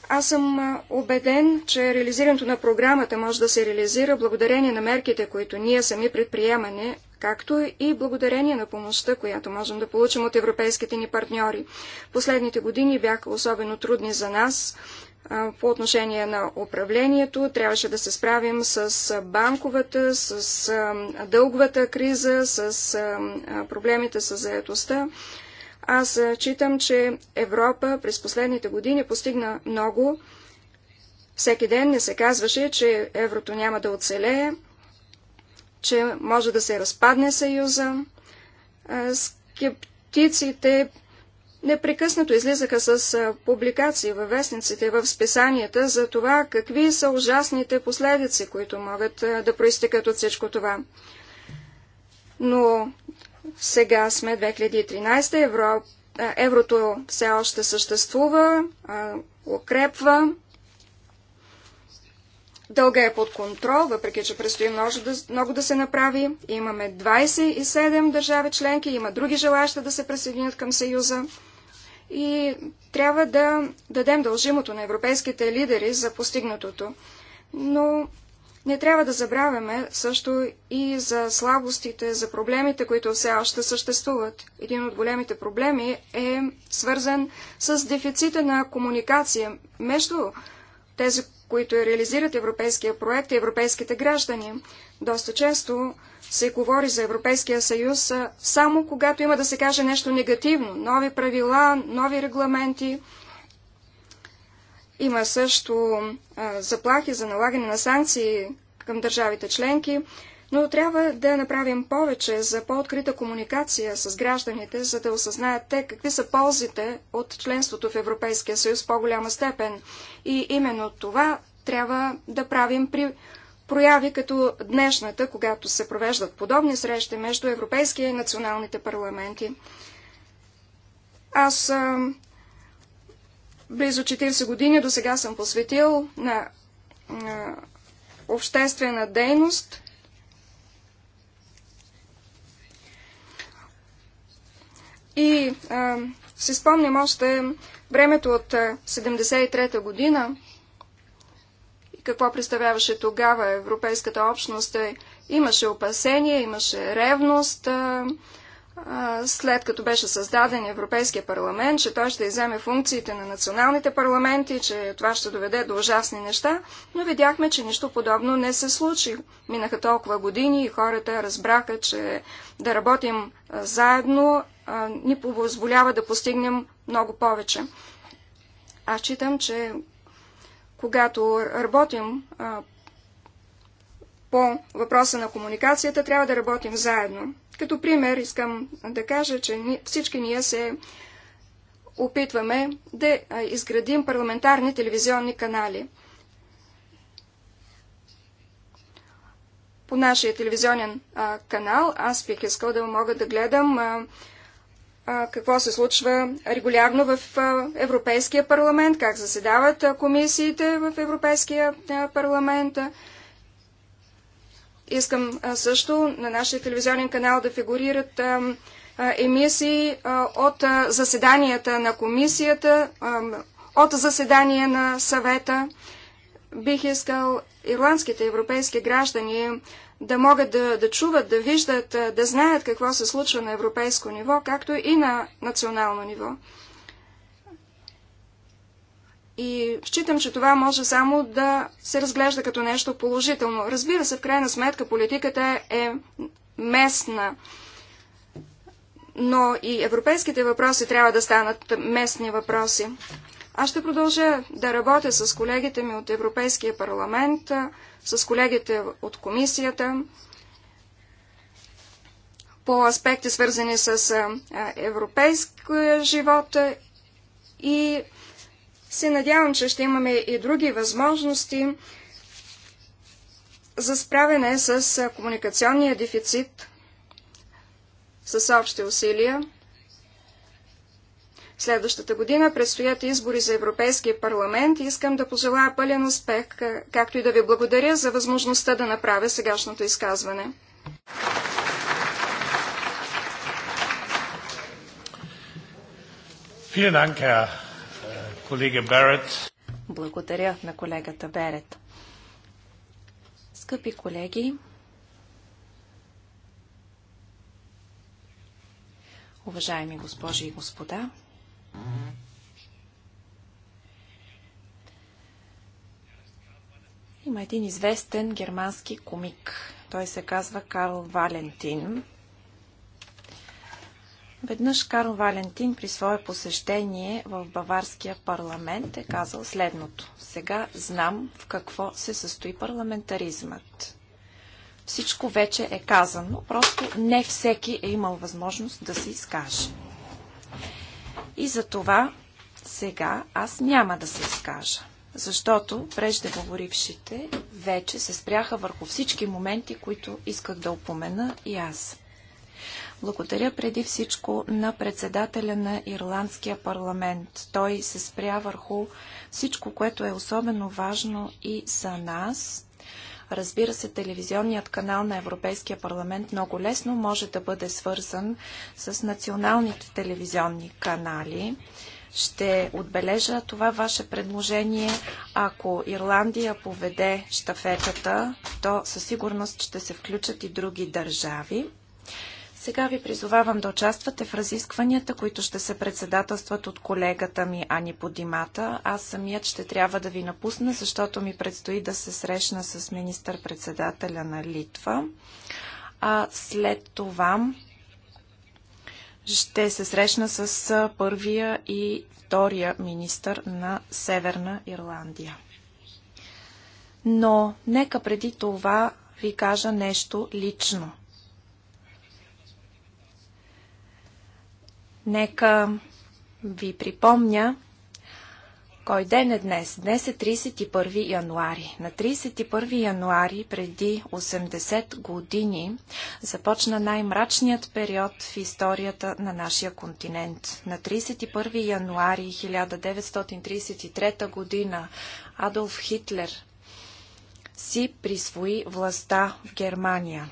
[SPEAKER 3] Аз съм убеден, че реализирането на програмата може да се реализира благодарение на мерките, които ние сами предприемане, както и благодарение на помощта, която можем да получим от европейските ни партньори. Последните години бяха особено трудни за нас, по отношение на управлението. Трябваше да се справим с банковата, с дълговата криза, с проблемите с заедостта. Аз читам, че Европа през последните години постигна много. Всеки ден не се казваше, че еврото няма да оцелее, че може да се разпадне съюза. Скептиците непрекъснато излизаха с публикации във вестниците, в списанията за това какви са ужасните последици, които могат да проистекат от всичко това. Но сега сме 2013, евро, еврото все още съществува, укрепва, дълга е под контрол, въпреки че предстои много да, много да се направи. Имаме 27 държави членки, има други желаща да се присъединят към Съюза и трябва да дадем дължимото на европейските лидери за постигнатото. Но не трябва да забравяме също и за слабостите, за проблемите, които все още съществуват. Един от големите проблеми е свързан с дефицита на комуникация между тези, които реализират европейския проект и европейските граждани. Доста често се говори за Европейския съюз само когато има да се каже нещо негативно. Нови правила, нови регламенти. Има също заплахи за налагане на санкции към държавите членки, но трябва да направим повече за по-открита комуникация с гражданите, за да осъзнаят те какви са ползите от членството в Европейския съюз в по-голяма степен. И именно това трябва да правим при прояви като днешната, когато се провеждат подобни срещи между европейския и националните парламенти. Аз близо 40 години до сега съм посветил на, на обществена дейност. И а, си спомням още времето от 73-та година, какво представляваше тогава Европейската общност. Е, имаше опасения, имаше ревност, е, е, след като беше създаден Европейския парламент, че той ще иземе функциите на националните парламенти, че това ще доведе до ужасни неща, но видяхме, че нищо подобно не се случи. Минаха толкова години и хората разбраха, че да работим заедно ни позволява да постигнем много повече. Аз читам, че когато работим а, по въпроса на комуникацията, трябва да работим заедно. Като пример искам да кажа, че всички ние се опитваме да изградим парламентарни телевизионни канали. По нашия телевизионен а, канал аз бих искал да мога да гледам а, какво се случва регулярно в Европейския парламент, как заседават комисиите в Европейския парламент. Искам също на нашия телевизионен канал да фигурират емисии от заседанията на комисията, от заседания на съвета. Бих искал ирландските европейски граждани да могат да, да чуват, да виждат, да знаят какво се случва на европейско ниво, както и на национално ниво. И считам, че това може само да се разглежда като нещо положително. Разбира се, в крайна сметка политиката е местна, но и европейските въпроси трябва да станат местни въпроси. Аз ще продължа да работя с колегите ми от Европейския парламент, с колегите от комисията по аспекти свързани с европейския живот и се надявам, че ще имаме и други възможности за справяне с комуникационния дефицит с общи усилия. Следващата година предстоят избори за Европейския парламент и искам да пожелая пълен успех, както и да ви благодаря за възможността да направя сегашното изказване.
[SPEAKER 2] Э,
[SPEAKER 1] благодаря на колегата Берет. Скъпи колеги, уважаеми госпожи и господа, има един известен германски комик. Той се казва Карл Валентин. Веднъж Карл Валентин при свое посещение в Баварския парламент е казал следното. Сега знам в какво се състои парламентаризмът. Всичко вече е казано, просто не всеки е имал възможност да се изкаже. И за това сега аз няма да се изкажа, защото преждеговорившите вече се спряха върху всички моменти, които исках да упомена и аз. Благодаря преди всичко на председателя на Ирландския парламент. Той се спря върху всичко, което е особено важно и за нас, Разбира се, телевизионният канал на Европейския парламент много лесно може да бъде свързан с националните телевизионни канали. Ще отбележа това ваше предложение. Ако Ирландия поведе щафетата, то със сигурност ще се включат и други държави. Сега ви призовавам да участвате в разискванията, които ще се председателстват от колегата ми Ани Подимата. Аз самият ще трябва да ви напусна, защото ми предстои да се срещна с министър-председателя на Литва. А след това ще се срещна с първия и втория министър на Северна Ирландия. Но нека преди това ви кажа нещо лично – Нека ви припомня кой ден е днес. Днес е 31 януари. На 31 януари, преди 80 години, започна най-мрачният период в историята на нашия континент. На 31 януари 1933 година Адолф Хитлер си присвои властта в Германия.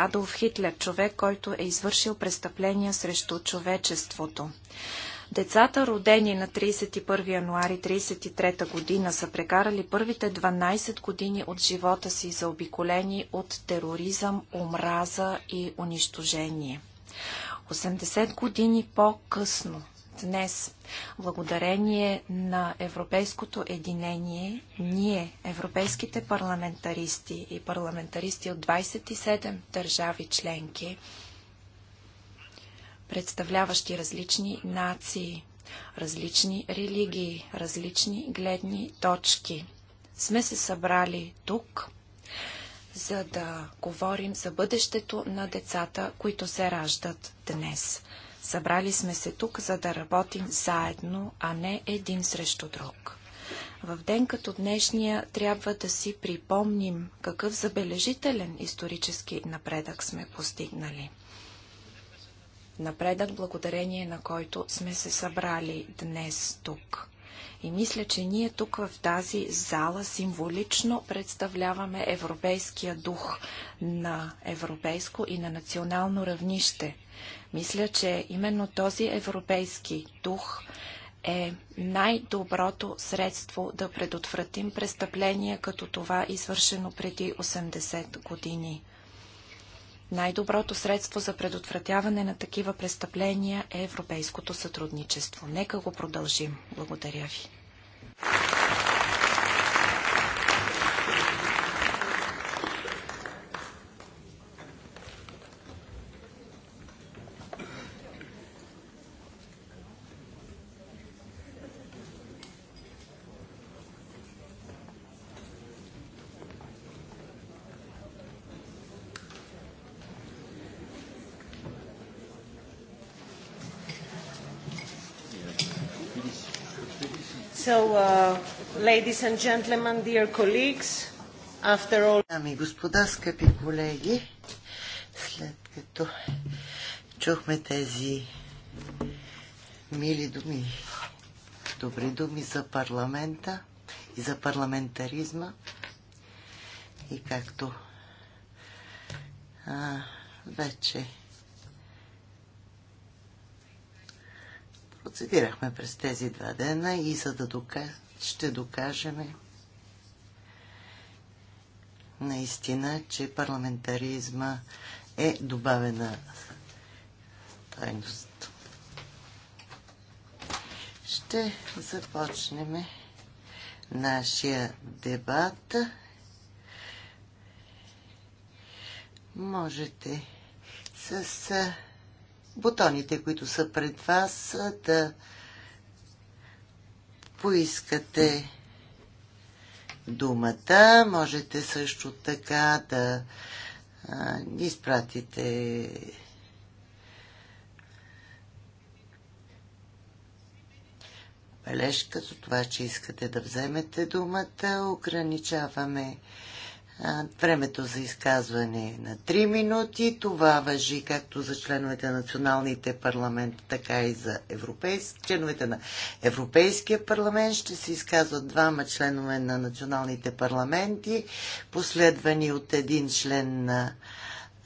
[SPEAKER 1] Адолф Хитлер, човек, който е извършил престъпления срещу човечеството. Децата, родени на 31 януари 1933 година, са прекарали първите 12 години от живота си заобиколени от тероризъм, омраза и унищожение. 80 години по-късно, днес. Благодарение на европейското единение, ние, европейските парламентаристи и парламентаристи от 27 държави членки, представляващи различни нации, различни религии, различни гледни точки, сме се събрали тук, за да говорим за бъдещето на децата, които се раждат днес – Събрали сме се тук, за да работим заедно, а не един срещу друг. В ден като днешния трябва да си припомним какъв забележителен исторически напредък сме постигнали. Напредък, благодарение на който сме се събрали днес тук. И мисля, че ние тук в тази зала символично представляваме европейския дух на европейско и на национално равнище. Мисля, че именно този европейски дух е най-доброто средство да предотвратим престъпления като това, извършено преди 80 години. Най-доброто средство за предотвратяване на такива престъпления е европейското сътрудничество. Нека го продължим. Благодаря ви.
[SPEAKER 2] So, uh, ladies and gentlemen, dear colleagues, after all... господа, скъпи колеги, след като чухме тези мили думи, добри думи за парламента и за парламентаризма, и както а, вече процедирахме през тези два дена и за да докаж... ще докажем наистина, че парламентаризма е добавена тайност. Ще започнем нашия дебат. Можете с бутоните, които са пред вас, да поискате думата. Можете също така да а, изпратите бележка за това, че искате да вземете думата. Ограничаваме времето за изказване е на 3 минути. Това въжи както за членовете на националните парламенти, така и за европейс... членовете на Европейския парламент. Ще се изказват двама членове на националните парламенти, последвани от един член на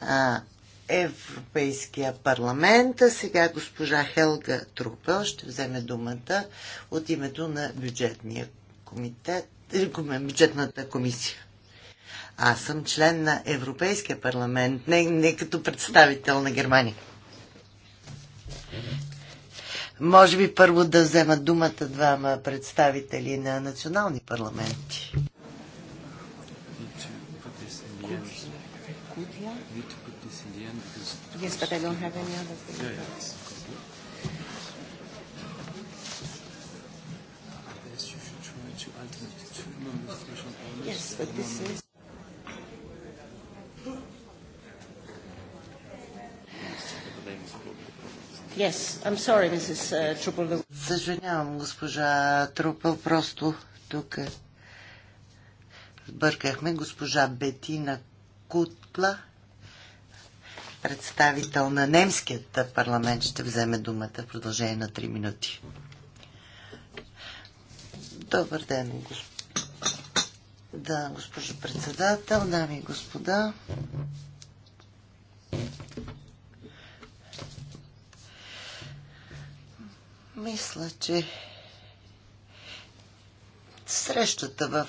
[SPEAKER 2] а, Европейския парламент. А сега госпожа Хелга Трупел ще вземе думата от името на бюджетния комитет, бюджетната комисия. Аз съм член на Европейския парламент, не, не като представител на Германия. Може би първо да вземат думата двама представители на национални парламенти.
[SPEAKER 1] Yes, but this is
[SPEAKER 2] Yes, I'm sorry, Mrs. Uh, Съжалявам, госпожа Трупел, просто тук сбъркахме госпожа Бетина Кутла, представител на немският парламент, ще вземе думата в продължение на 3 минути. Добър ден, госпожа. Да, госпожо председател, дами и господа. Мисля, че срещата в,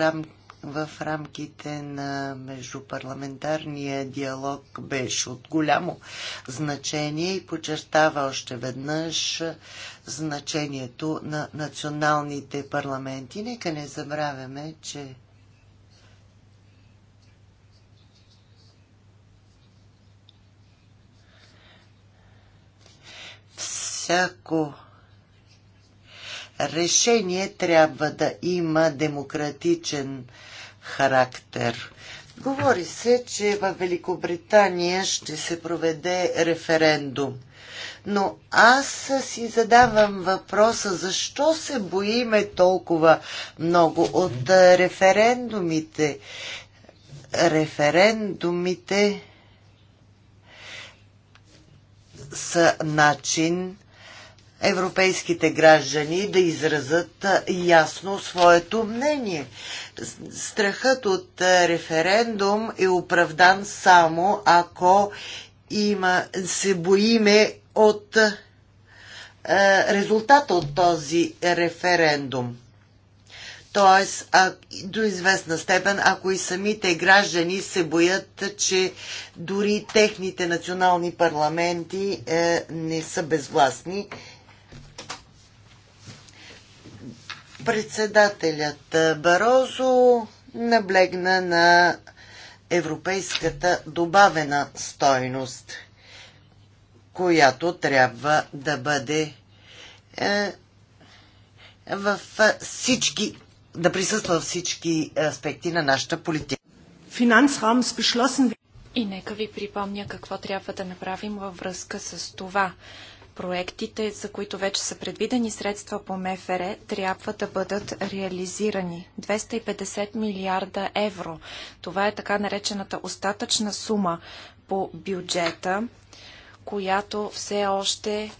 [SPEAKER 2] рам... в рамките на междупарламентарния диалог беше от голямо значение и подчертава още веднъж значението на националните парламенти. Нека не забравяме, че всяко решение трябва да има демократичен характер. Говори се, че в Великобритания ще се проведе референдум. Но аз си задавам въпроса, защо се боиме толкова много от референдумите? Референдумите са начин европейските граждани да изразат ясно своето мнение. Страхът от референдум е оправдан само ако има, се боиме от е, резултата от този референдум. Тоест, а, до известна степен, ако и самите граждани се боят, че дори техните национални парламенти е, не са безвластни Председателят Барозо наблегна на европейската добавена стойност, която трябва да бъде е, в всички, да присъства във всички аспекти на нашата политика.
[SPEAKER 1] И нека ви припомня какво трябва да направим във връзка с това проектите, за които вече са предвидени средства по МФР, трябва да бъдат реализирани. 250 милиарда евро. Това е така наречената остатъчна сума по бюджета, която все още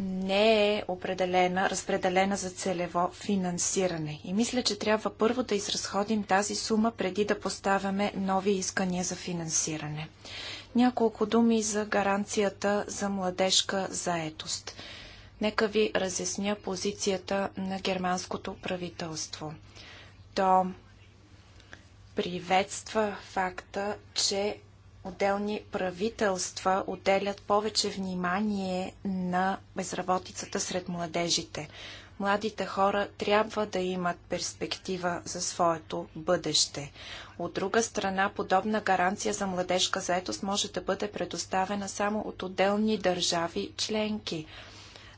[SPEAKER 1] не е определена, разпределена за целево финансиране. И мисля, че трябва първо да изразходим тази сума, преди да поставяме нови искания за финансиране. Няколко думи за гаранцията за младежка заетост. Нека ви разясня позицията на германското правителство. То приветства факта, че отделни правителства отделят повече внимание на безработицата сред младежите. Младите хора трябва да имат перспектива за своето бъдеще. От друга страна, подобна гаранция за младежка заетост може да бъде предоставена само от отделни държави членки.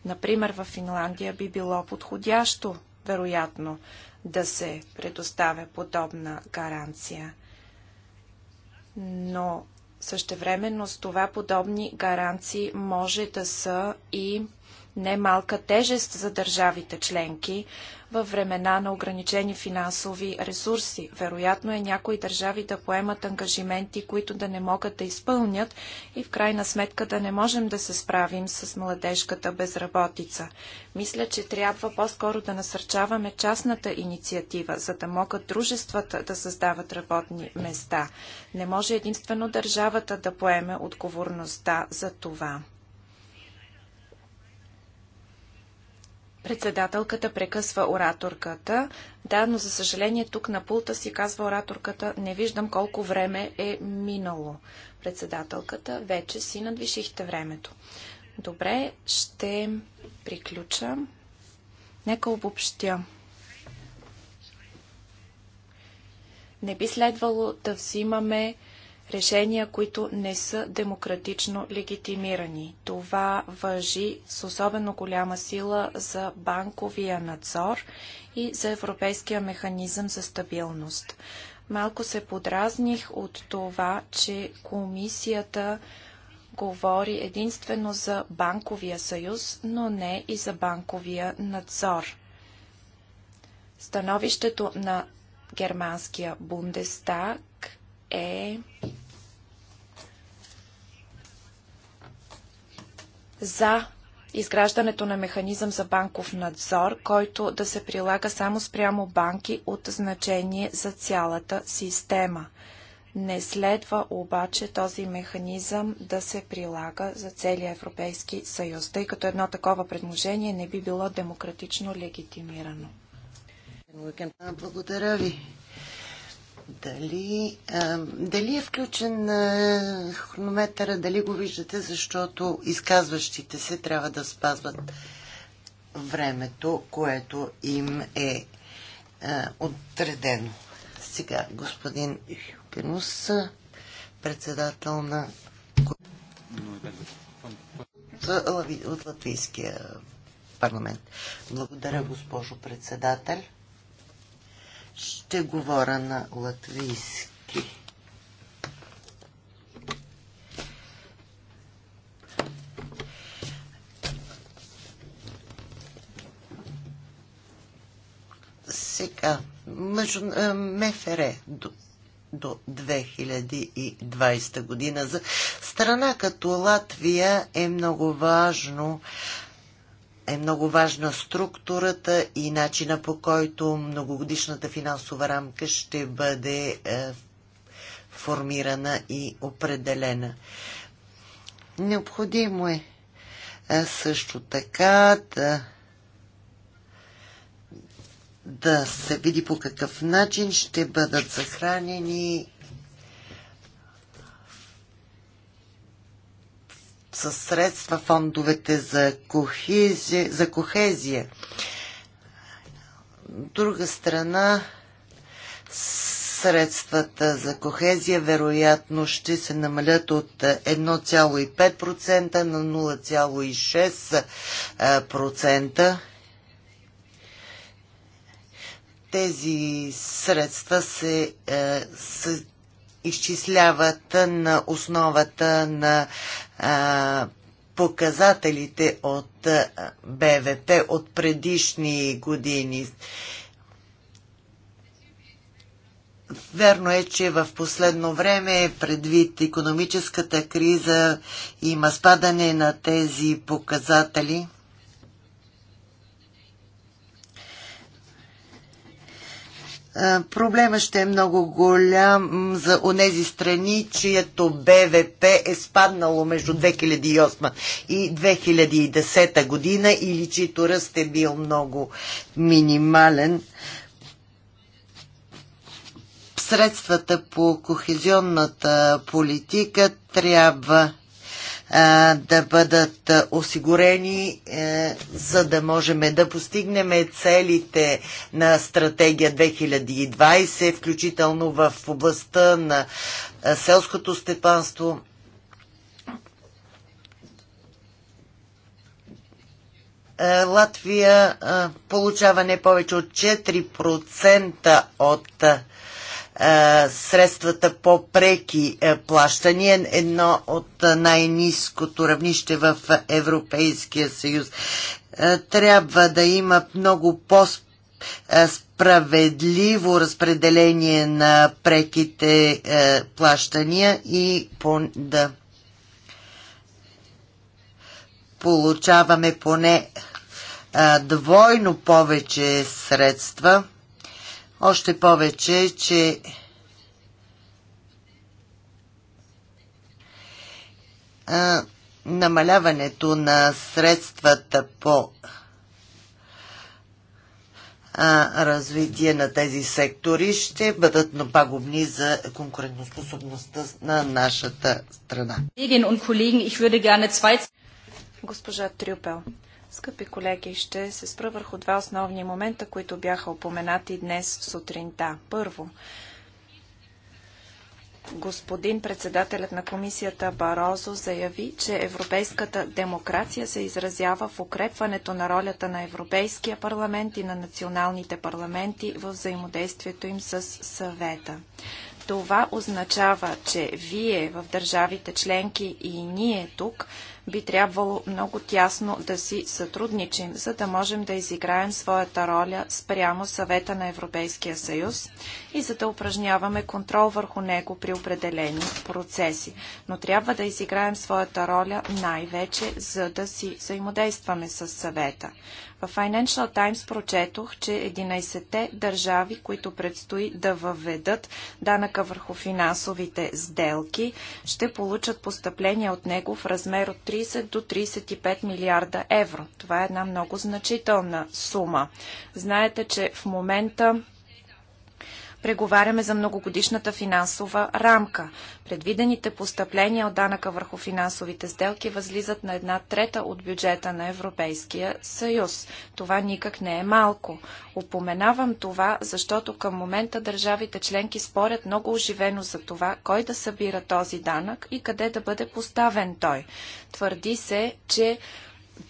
[SPEAKER 1] Например, в Финландия би било подходящо, вероятно, да се предоставя подобна гаранция. Но същевременно с това подобни гаранции може да са и немалка тежест за държавите членки във времена на ограничени финансови ресурси. Вероятно е някои държави да поемат ангажименти, които да не могат да изпълнят и в крайна сметка да не можем да се справим с младежката безработица. Мисля, че трябва по-скоро да насърчаваме частната инициатива, за да могат дружествата да създават работни места. Не може единствено държавата да поеме отговорността за това. Председателката прекъсва ораторката. Да, но за съжаление тук на пулта си казва ораторката, не виждам колко време е минало. Председателката, вече си надвишихте времето. Добре, ще приключа. Нека обобщя. Не би следвало да взимаме решения, които не са демократично легитимирани. Това въжи с особено голяма сила за банковия надзор и за Европейския механизъм за стабилност. Малко се подразних от това, че комисията говори единствено за банковия съюз, но не и за банковия надзор. Становището на германския Бундестаг е, за изграждането на механизъм за банков надзор, който да се прилага само спрямо банки от значение за цялата система. Не следва обаче този механизъм да се прилага за целия Европейски съюз, тъй като едно такова предложение не би било демократично легитимирано.
[SPEAKER 2] Благодаря ви. Дали, а, дали е включен а, хронометъра, дали го виждате, защото изказващите се трябва да спазват времето, което им е а, отредено. Сега господин Хюкенус, председател на от Латвийския парламент. Благодаря, госпожо председател. Ще говоря на латвийски. Сега, между, е, МФР до, до 2020 година. За страна като Латвия е много важно е много важна структурата и начина по който многогодишната финансова рамка ще бъде е, формирана и определена. Необходимо е, е също така да да се види по какъв начин ще бъдат захранени със средства фондовете за, кохезия, за кохезия. Друга страна, средствата за кохезия вероятно ще се намалят от 1,5% на 0,6%. Тези средства се, е, се изчисляват на основата на а, показателите от БВП от предишни години. Верно е, че в последно време, предвид економическата криза, има спадане на тези показатели – Е, проблема ще е много голям за онези страни, чието БВП е спаднало между 2008 и 2010 година или чието ръст е бил много минимален. Средствата по кохезионната политика трябва да бъдат осигурени, е, за да можем да постигнем целите на стратегия 2020, включително в областта на селското степанство. Е, Латвия е, получава не повече от 4% от е, средствата по преки е, плащания, едно от е, най-низкото равнище в Европейския съюз. Трябва да има много по справедливо разпределение на преките е, плащания и по, да получаваме поне е, двойно повече средства още повече, че а, намаляването на средствата по а, развитие на тези сектори ще бъдат напагубни за конкурентоспособността на нашата страна.
[SPEAKER 1] Госпожа Трюпел, Скъпи колеги, ще се спра върху два основни момента, които бяха упоменати днес сутринта. Първо, господин председателят на комисията Барозо заяви, че европейската демокрация се изразява в укрепването на ролята на Европейския парламент и на националните парламенти в взаимодействието им с съвета. Това означава, че вие в държавите членки и ние тук – би трябвало много тясно да си сътрудничим, за да можем да изиграем своята роля спрямо съвета на Европейския съюз и за да упражняваме контрол върху него при определени процеси. Но трябва да изиграем своята роля най-вече, за да си взаимодействаме с съвета. В Financial Times прочетох, че 11-те държави, които предстои да въведат данъка върху финансовите сделки, ще получат постъпления от него в размер от 30 до 35 милиарда евро. Това е една много значителна сума. Знаете, че в момента преговаряме за многогодишната финансова рамка. Предвидените постъпления от данъка върху финансовите сделки възлизат на една трета от бюджета на Европейския съюз. Това никак не е малко. Опоменавам това, защото към момента държавите членки спорят много оживено за това, кой да събира този данък и къде да бъде поставен той. Твърди се, че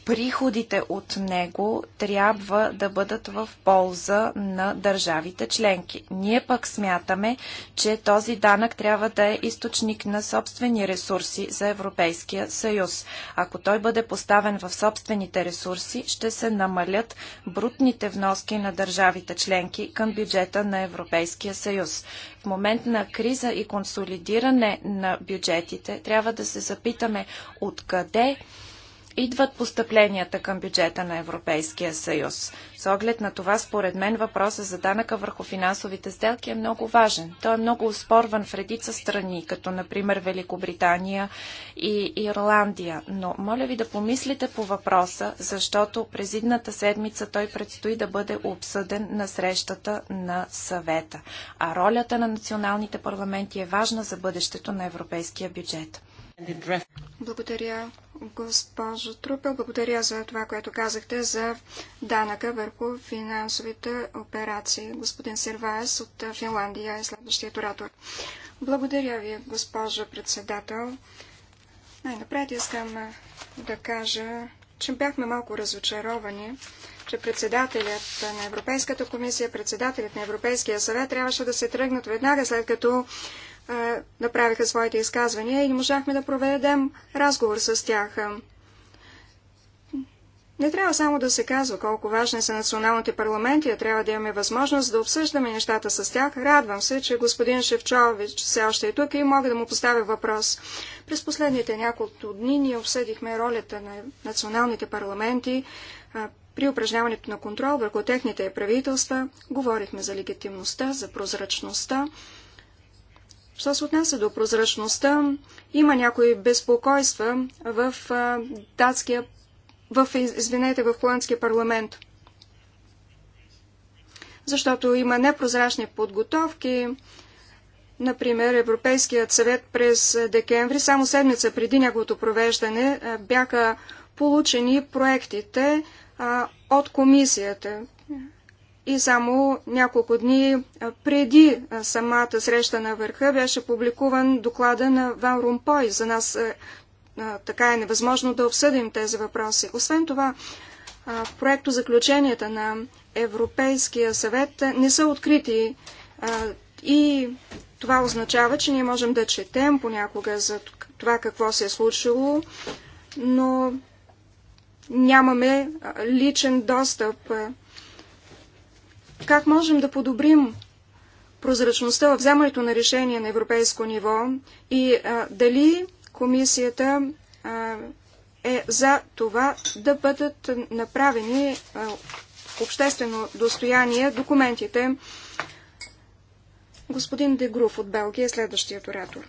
[SPEAKER 1] приходите от него трябва да бъдат в полза на държавите членки. Ние пък смятаме, че този данък трябва да е източник на собствени ресурси за Европейския съюз. Ако той бъде поставен в собствените ресурси, ще се намалят брутните вноски на държавите членки към бюджета на Европейския съюз. В момент на криза и консолидиране на бюджетите трябва да се запитаме откъде идват постъпленията към бюджета на Европейския съюз. С оглед на това, според мен, въпросът за данъка върху финансовите сделки е много важен. Той е много успорван в редица страни, като например Великобритания и Ирландия. Но моля ви да помислите по въпроса, защото през идната седмица той предстои да бъде обсъден на срещата на съвета. А ролята на националните парламенти е важна за бъдещето на европейския бюджет.
[SPEAKER 3] Благодаря, госпожо Трупел. Благодаря за това, което казахте за данъка върху финансовите операции. Господин Серваес от Финландия е следващият оратор. Благодаря ви, госпожо председател. Най-напред искам да кажа, че бяхме малко разочаровани, че председателят на Европейската комисия, председателят на Европейския съвет трябваше да се тръгнат веднага след като направиха своите изказвания и не можахме да проведем разговор с тях. Не трябва само да се казва колко важни са националните парламенти, а трябва да имаме възможност да обсъждаме нещата с тях. Радвам се, че господин Шевчович все още е тук и мога да му поставя въпрос. През последните няколко дни ние обсъдихме ролята на националните парламенти при упражняването на контрол върху техните правителства. Говорихме за легитимността, за прозрачността. Що се отнася до прозрачността, има някои безпокойства в датския, в, извинете, в холандския парламент. Защото има непрозрачни подготовки, Например, Европейският съвет през декември, само седмица преди неговото провеждане, бяха получени проектите от комисията и само няколко дни преди самата среща на върха беше публикуван доклада на Ван Румпой. За нас така е невъзможно да обсъдим тези въпроси. Освен това, в проекто заключенията на Европейския съвет не са открити и това означава, че ние можем да четем понякога за това какво се е случило, но нямаме личен достъп как можем да подобрим прозрачността в вземането на решение на европейско ниво и а, дали комисията а, е за това да бъдат направени а, обществено достояние документите. Господин Дегруф от Белгия е следващият оратор.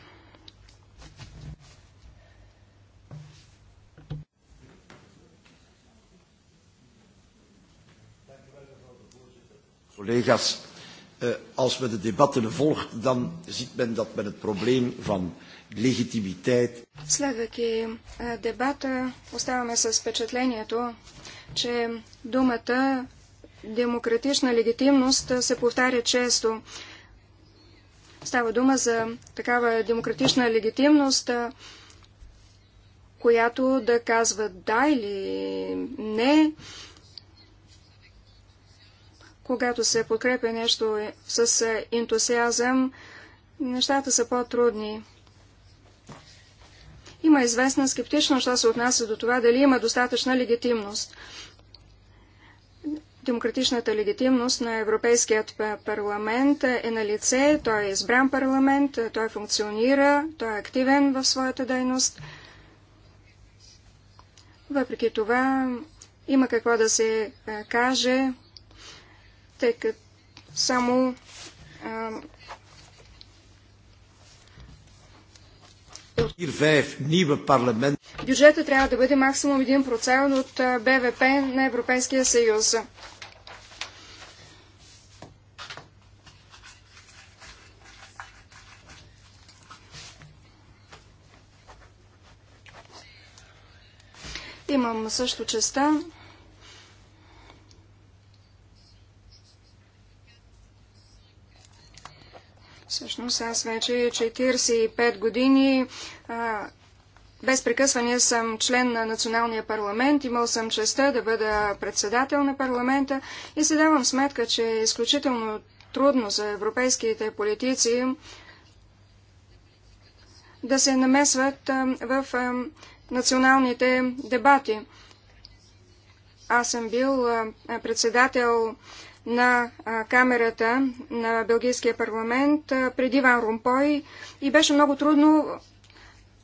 [SPEAKER 1] collega's, eh, als men de debatten volgt, dan ziet men dat men het probleem van легитимитет.
[SPEAKER 3] Следвайки eh, дебата, оставаме с впечатлението, че думата демократична легитимност се повтаря често. Става дума за такава демократична легитимност, която да казва да или не когато се подкрепя нещо е, с е, ентусиазъм, нещата са по-трудни. Има известна скептичност, що се отнася до това дали има достатъчна легитимност. Демократичната легитимност на Европейският парламент е на лице, той е избран парламент, той функционира, той е активен в своята дейност. Въпреки това има какво да се е, каже тъй като само Бюджета трябва да бъде максимум 1% от БВП на Европейския съюз. Имам също честа Всъщност аз вече 45 години а, без прекъсване съм член на Националния парламент, имал съм честа да бъда председател на парламента и се давам сметка, че е изключително трудно за европейските политици да се намесват а, в а, националните дебати. Аз съм бил а, председател на камерата на Белгийския парламент преди Ван Румпой и беше много трудно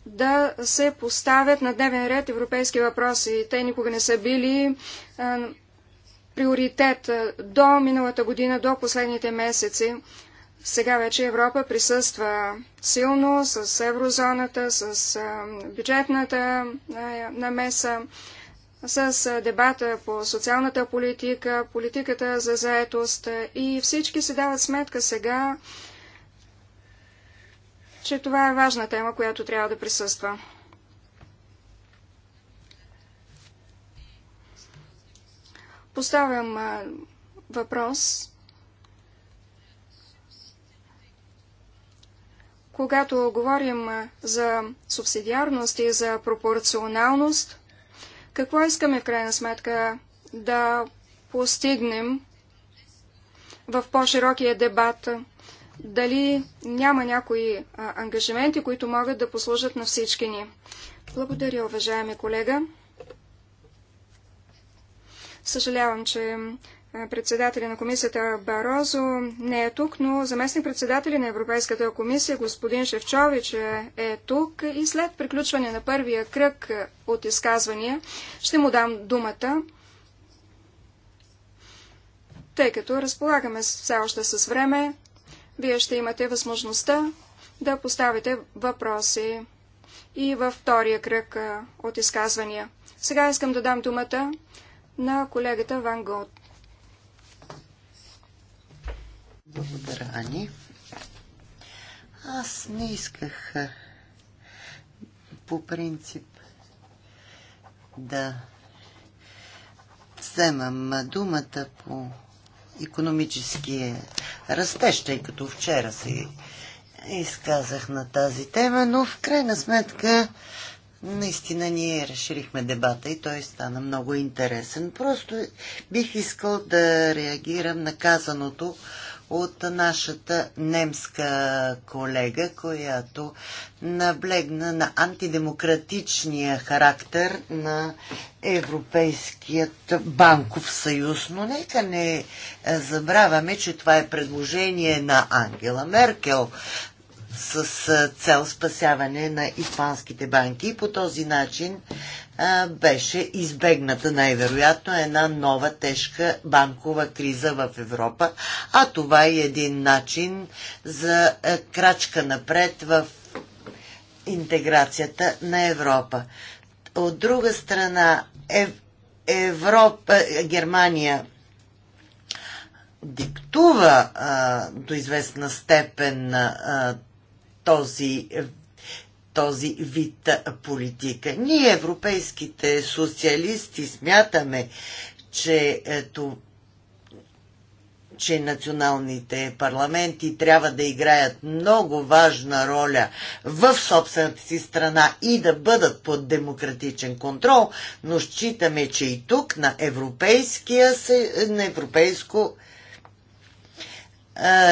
[SPEAKER 3] да се поставят на дневен ред европейски въпроси. Те никога не са били а, приоритет до миналата година, до последните месеци. Сега вече Европа присъства силно с еврозоната, с бюджетната намеса. А, с дебата по социалната политика, политиката за заетост и всички се дават сметка сега, че това е важна тема, която трябва да присъства. Поставям въпрос. Когато говорим за субсидиарност и за пропорционалност, какво искаме в крайна сметка да постигнем в по-широкия дебат? Дали няма някои а, ангажименти, които могат да послужат на всички ни? Благодаря, уважаеми колега. Съжалявам, че председателя на комисията Барозо не е тук, но заместник председателя на Европейската комисия господин Шевчович е, е тук и след приключване на първия кръг е, от изказвания ще му дам думата, тъй като разполагаме все още с време. Вие ще имате възможността да поставите въпроси и във втория кръг е, от изказвания. Сега искам да дам думата на колегата Ван Голд.
[SPEAKER 2] Благодаря, Ани.
[SPEAKER 3] Аз не исках
[SPEAKER 2] по принцип да вземам думата по економическия растеж, тъй като вчера се изказах на тази тема, но в крайна сметка наистина ние разширихме дебата и той стана много интересен. Просто бих искал да реагирам на казаното от нашата немска колега, която наблегна на антидемократичния характер на Европейският банков съюз. Но нека не забравяме, че това е предложение на Ангела Меркел, с цел спасяване на испанските банки. И по този начин беше избегната най-вероятно една нова тежка банкова криза в Европа, а това е един начин за крачка напред в интеграцията на Европа. От друга страна, Европа, Германия диктува а, до известна степен а, този е, този вид политика. Ние, европейските социалисти, смятаме, че ето, че националните парламенти трябва да играят много важна роля в собствената си страна и да бъдат под демократичен контрол, но считаме, че и тук на, европейския, на европейско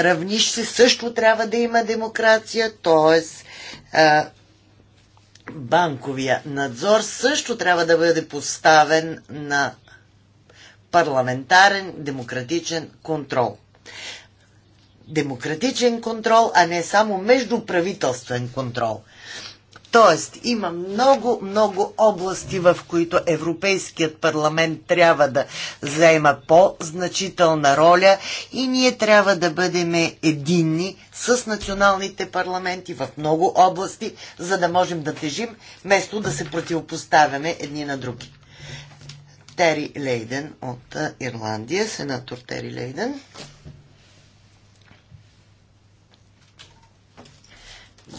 [SPEAKER 2] равнище също трябва да има демокрация, т.е. банковия надзор също трябва да бъде поставен на парламентарен демократичен контрол. Демократичен контрол, а не само междуправителствен контрол – Тоест, има много, много области, в които Европейският парламент трябва да заема по-значителна роля и ние трябва да бъдем единни с националните парламенти в много области, за да можем да тежим, вместо да се противопоставяме едни на други. Тери Лейден от Ирландия, сенатор Тери Лейден.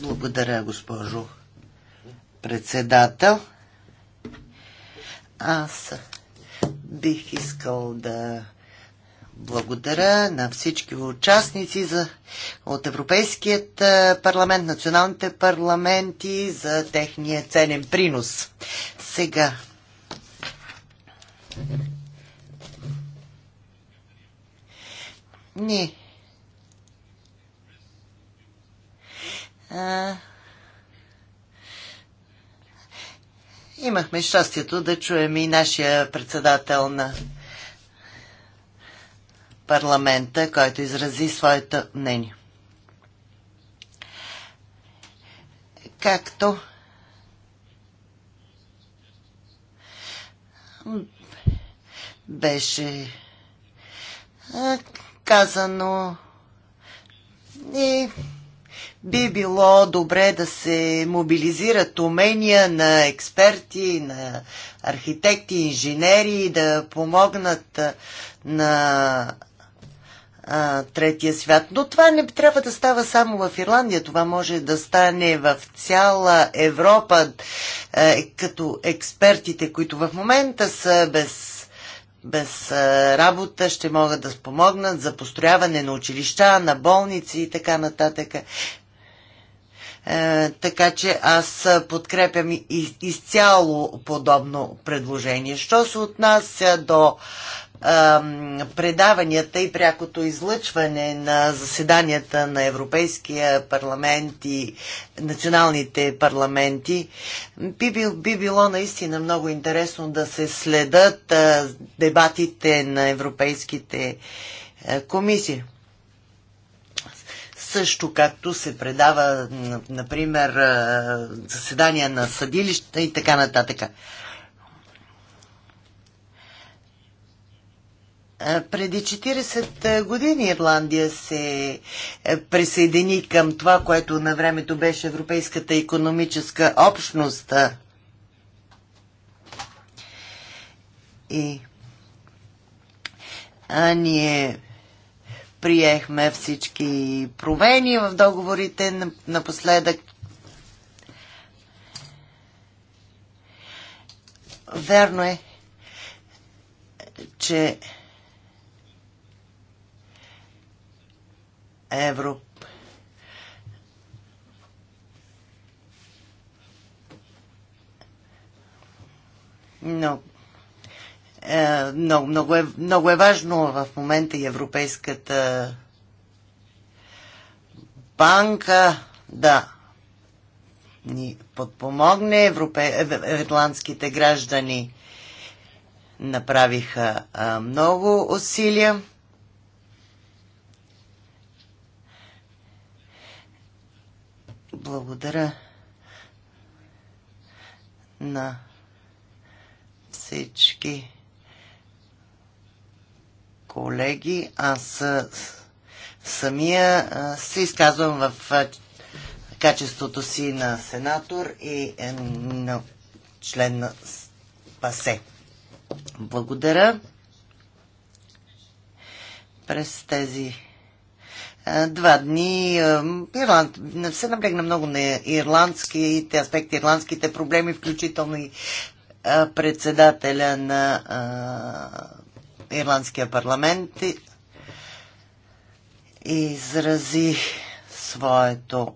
[SPEAKER 2] Благодаря, госпожо председател. Аз бих искал да благодаря на всички участници за, от Европейският парламент, националните парламенти за техния ценен принос. Сега. Ние. А, Имахме щастието да чуем и нашия председател на парламента, който изрази своето мнение. Както беше казано и би било добре да се мобилизират умения на експерти, на архитекти, инженери, да помогнат на а, третия свят. Но това не трябва да става само в Ирландия, това може да стане в цяла Европа, е, като експертите, които в момента са без без работа ще могат да спомогнат за построяване на училища, на болници и така нататък. Е, така че аз е, подкрепям изцяло подобно предложение. Що се отнася до предаванията и прякото излъчване на заседанията на Европейския парламент и националните парламенти, би, би, би било наистина много интересно да се следат е, дебатите на европейските комисии също както се предава, например, заседания на съдилища и така нататък. Преди 40 години Ирландия се присъедини към това, което на времето беше Европейската економическа общност. И а ние приехме всички промени в договорите напоследък. Верно е, че Европа Но е, много, много, е, много е важно в момента и Европейската банка да ни подпомогне. Европе... Е, е, ирландските граждани направиха а, много усилия. Благодаря на всички колеги, аз самия се изказвам в качеството си на сенатор и е, на член на ПАСЕ. Благодаря. През тези два дни Ирланд, се наблегна много на ирландските аспекти, ирландските проблеми, включително и председателя на Ирландския парламент изрази своето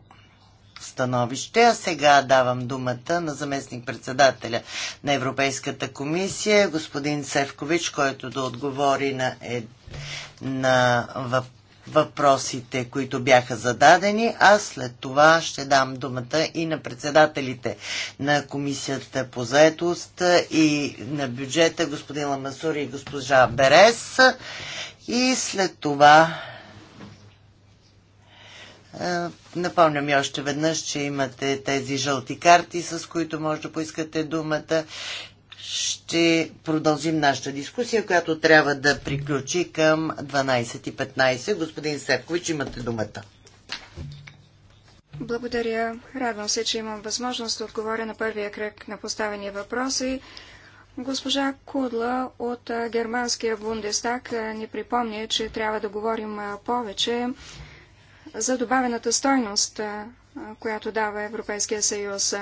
[SPEAKER 2] становище. А сега давам думата на заместник-председателя на Европейската комисия, господин Севкович, който да отговори на, е, на въпроса въпросите, които бяха зададени, а след това ще дам думата и на председателите на Комисията по заетост и на бюджета, господин Ламасури и госпожа Берес. И след това е, Напомням и още веднъж, че имате тези жълти карти, с които може да поискате думата ще продължим нашата дискусия, която трябва да приключи към 12.15. Господин Севкович, имате думата.
[SPEAKER 3] Благодаря. Радвам се, че имам възможност да отговоря на първия кръг на поставени въпроси. Госпожа Кудла от германския Бундестаг ни припомня, че трябва да говорим повече за добавената стойност, която дава Европейския съюз.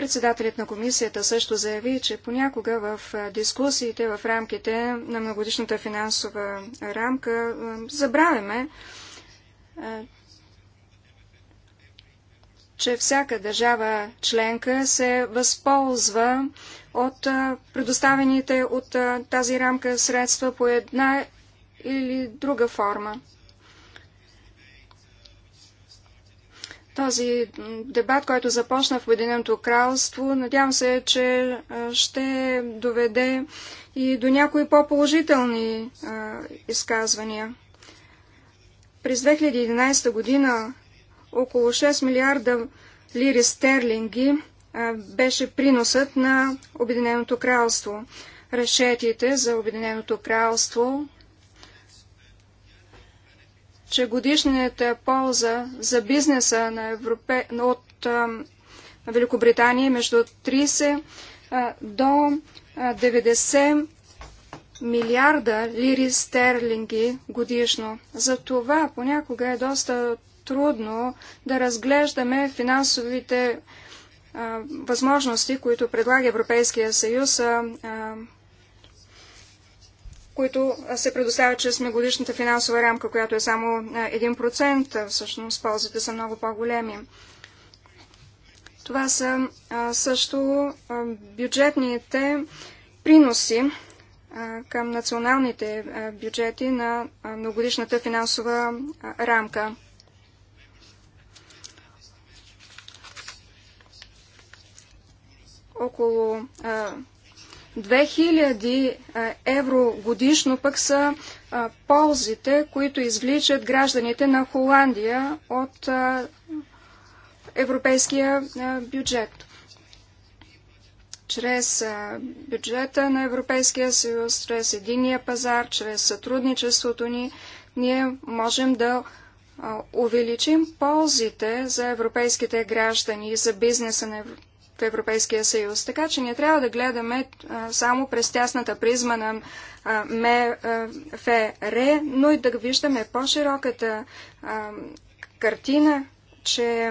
[SPEAKER 3] Председателят на комисията също заяви, че понякога в дискусиите в рамките на многодишната финансова рамка забравяме, че всяка държава членка се възползва от предоставените от тази рамка средства по една или друга форма. този дебат, който започна в Обединеното кралство, надявам се, че ще доведе и до някои по-положителни изказвания. През 2011 година около 6 милиарда лири стерлинги беше приносът на Обединеното кралство. Решетите за Обединеното кралство че годишната е полза за бизнеса на Европе... от а, Великобритания е между 30 а, до 90 милиарда лири стерлинги годишно. За това понякога е доста трудно да разглеждаме финансовите а, възможности, които предлага Европейския съюз а, а, които се предоставят чрез многогодишната финансова рамка, която е само 1%. Всъщност ползите са много по-големи. Това са също бюджетните приноси към националните бюджети на многодишната финансова рамка. Около 2000 евро годишно пък са ползите, които извличат гражданите на Холандия от европейския бюджет. Чрез бюджета на Европейския съюз, чрез единия пазар, чрез сътрудничеството ни, ние можем да увеличим ползите за европейските граждани и за бизнеса на Европейския Европейския съюз. Така че ние трябва да гледаме само през тясната призма на МФР, но и да виждаме по-широката картина, че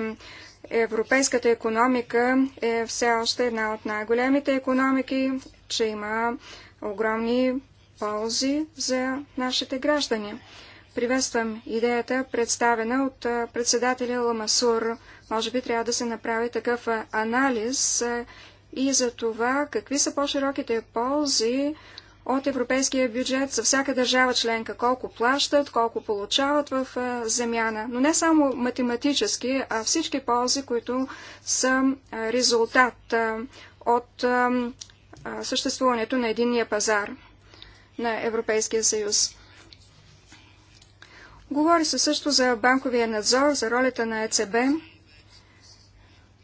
[SPEAKER 3] европейската економика е все още една от най-големите економики, че има огромни ползи за нашите граждани. Приветствам идеята, представена от председателя Ламасур може би трябва да се направи такъв анализ и за това какви са по-широките ползи от европейския бюджет за всяка държава членка, колко плащат, колко получават в земяна. Но не само математически, а всички ползи, които са резултат от съществуването на единния пазар на Европейския съюз. Говори се също за банковия надзор, за ролята на ЕЦБ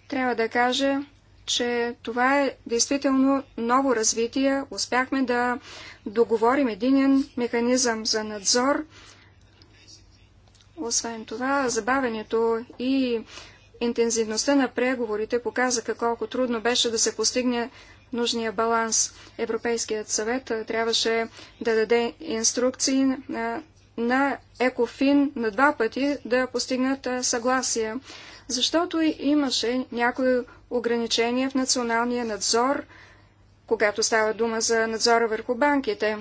[SPEAKER 3] трябва да кажа, че това е действително ново развитие. Успяхме да договорим един механизъм за надзор. Освен това, забавенето и интензивността на преговорите показаха колко трудно беше да се постигне нужния баланс. Европейският съвет трябваше да даде инструкции на на Екофин на два пъти да постигнат съгласие, защото имаше някои ограничения в националния надзор, когато става дума за надзора върху банките.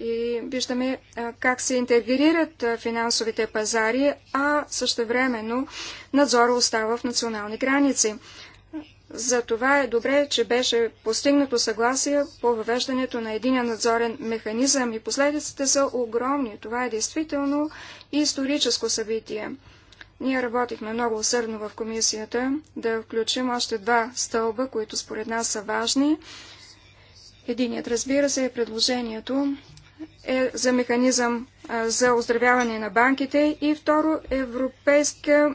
[SPEAKER 3] И виждаме как се интегрират финансовите пазари, а същевременно надзора остава в национални граници. За това е добре, че беше постигнато съгласие по въвеждането на единия надзорен механизъм и последиците са огромни. Това е действително историческо събитие. Ние работихме много усърдно в комисията да включим още два стълба, които според нас са важни. Единият, разбира се, е предложението е за механизъм за оздравяване на банките и второ европейска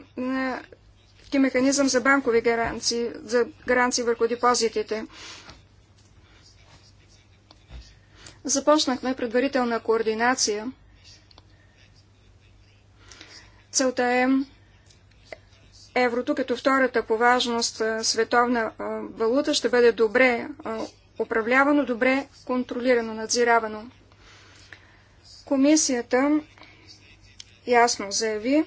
[SPEAKER 3] европейски механизъм за банкови гаранции, за гаранции върху депозитите. Започнахме предварителна координация. Целта е еврото като втората по важност световна валута ще бъде добре управлявано, добре контролирано, надзиравано. Комисията ясно заяви,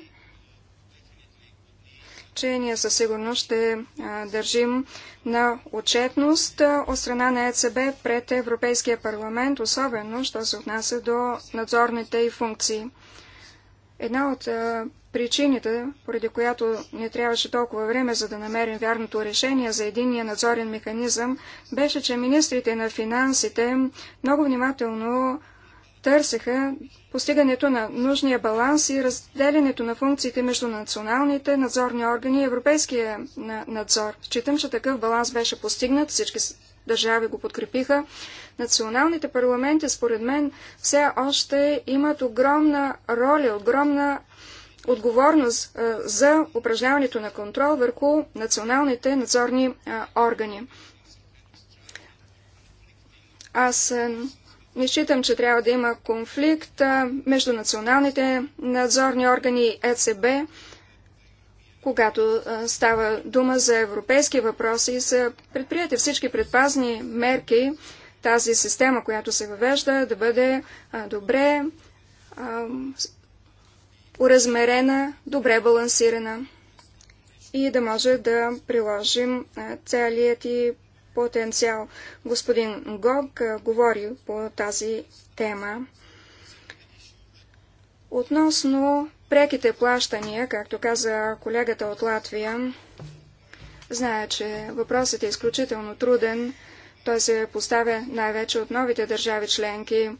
[SPEAKER 3] че ние със сигурност ще държим на отчетност от страна на ЕЦБ пред Европейския парламент, особено, що се отнася до надзорните и функции. Една от причините, поради която не трябваше толкова време, за да намерим вярното решение за единния надзорен механизъм, беше, че министрите на финансите много внимателно търсеха постигането на нужния баланс и разделянето на функциите между националните надзорни органи и европейския надзор. Считам, че такъв баланс беше постигнат, всички държави го подкрепиха. Националните парламенти, според мен, все още имат огромна роля, огромна отговорност за упражняването на контрол върху националните надзорни органи. Аз не считам, че трябва да има конфликт между националните надзорни органи ЕЦБ, когато става дума за европейски въпроси и са предприяти всички предпазни мерки тази система, която се въвежда, да бъде добре уразмерена, добре балансирана и да може да приложим целият и потенциал. Господин Гог говори по тази тема. Относно преките плащания, както каза колегата от Латвия, знае, че въпросът е изключително труден. Той се поставя най-вече от новите държави членки.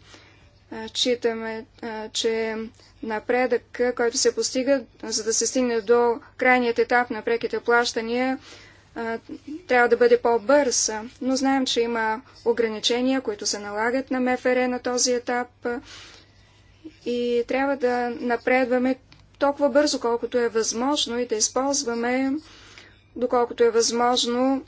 [SPEAKER 3] Читаме, че напредък, който се постига, за да се стигне до крайният етап на преките плащания, трябва да бъде по-бърз, но знаем, че има ограничения, които се налагат на МФР на този етап и трябва да напредваме толкова бързо, колкото е възможно и да използваме, доколкото е възможно,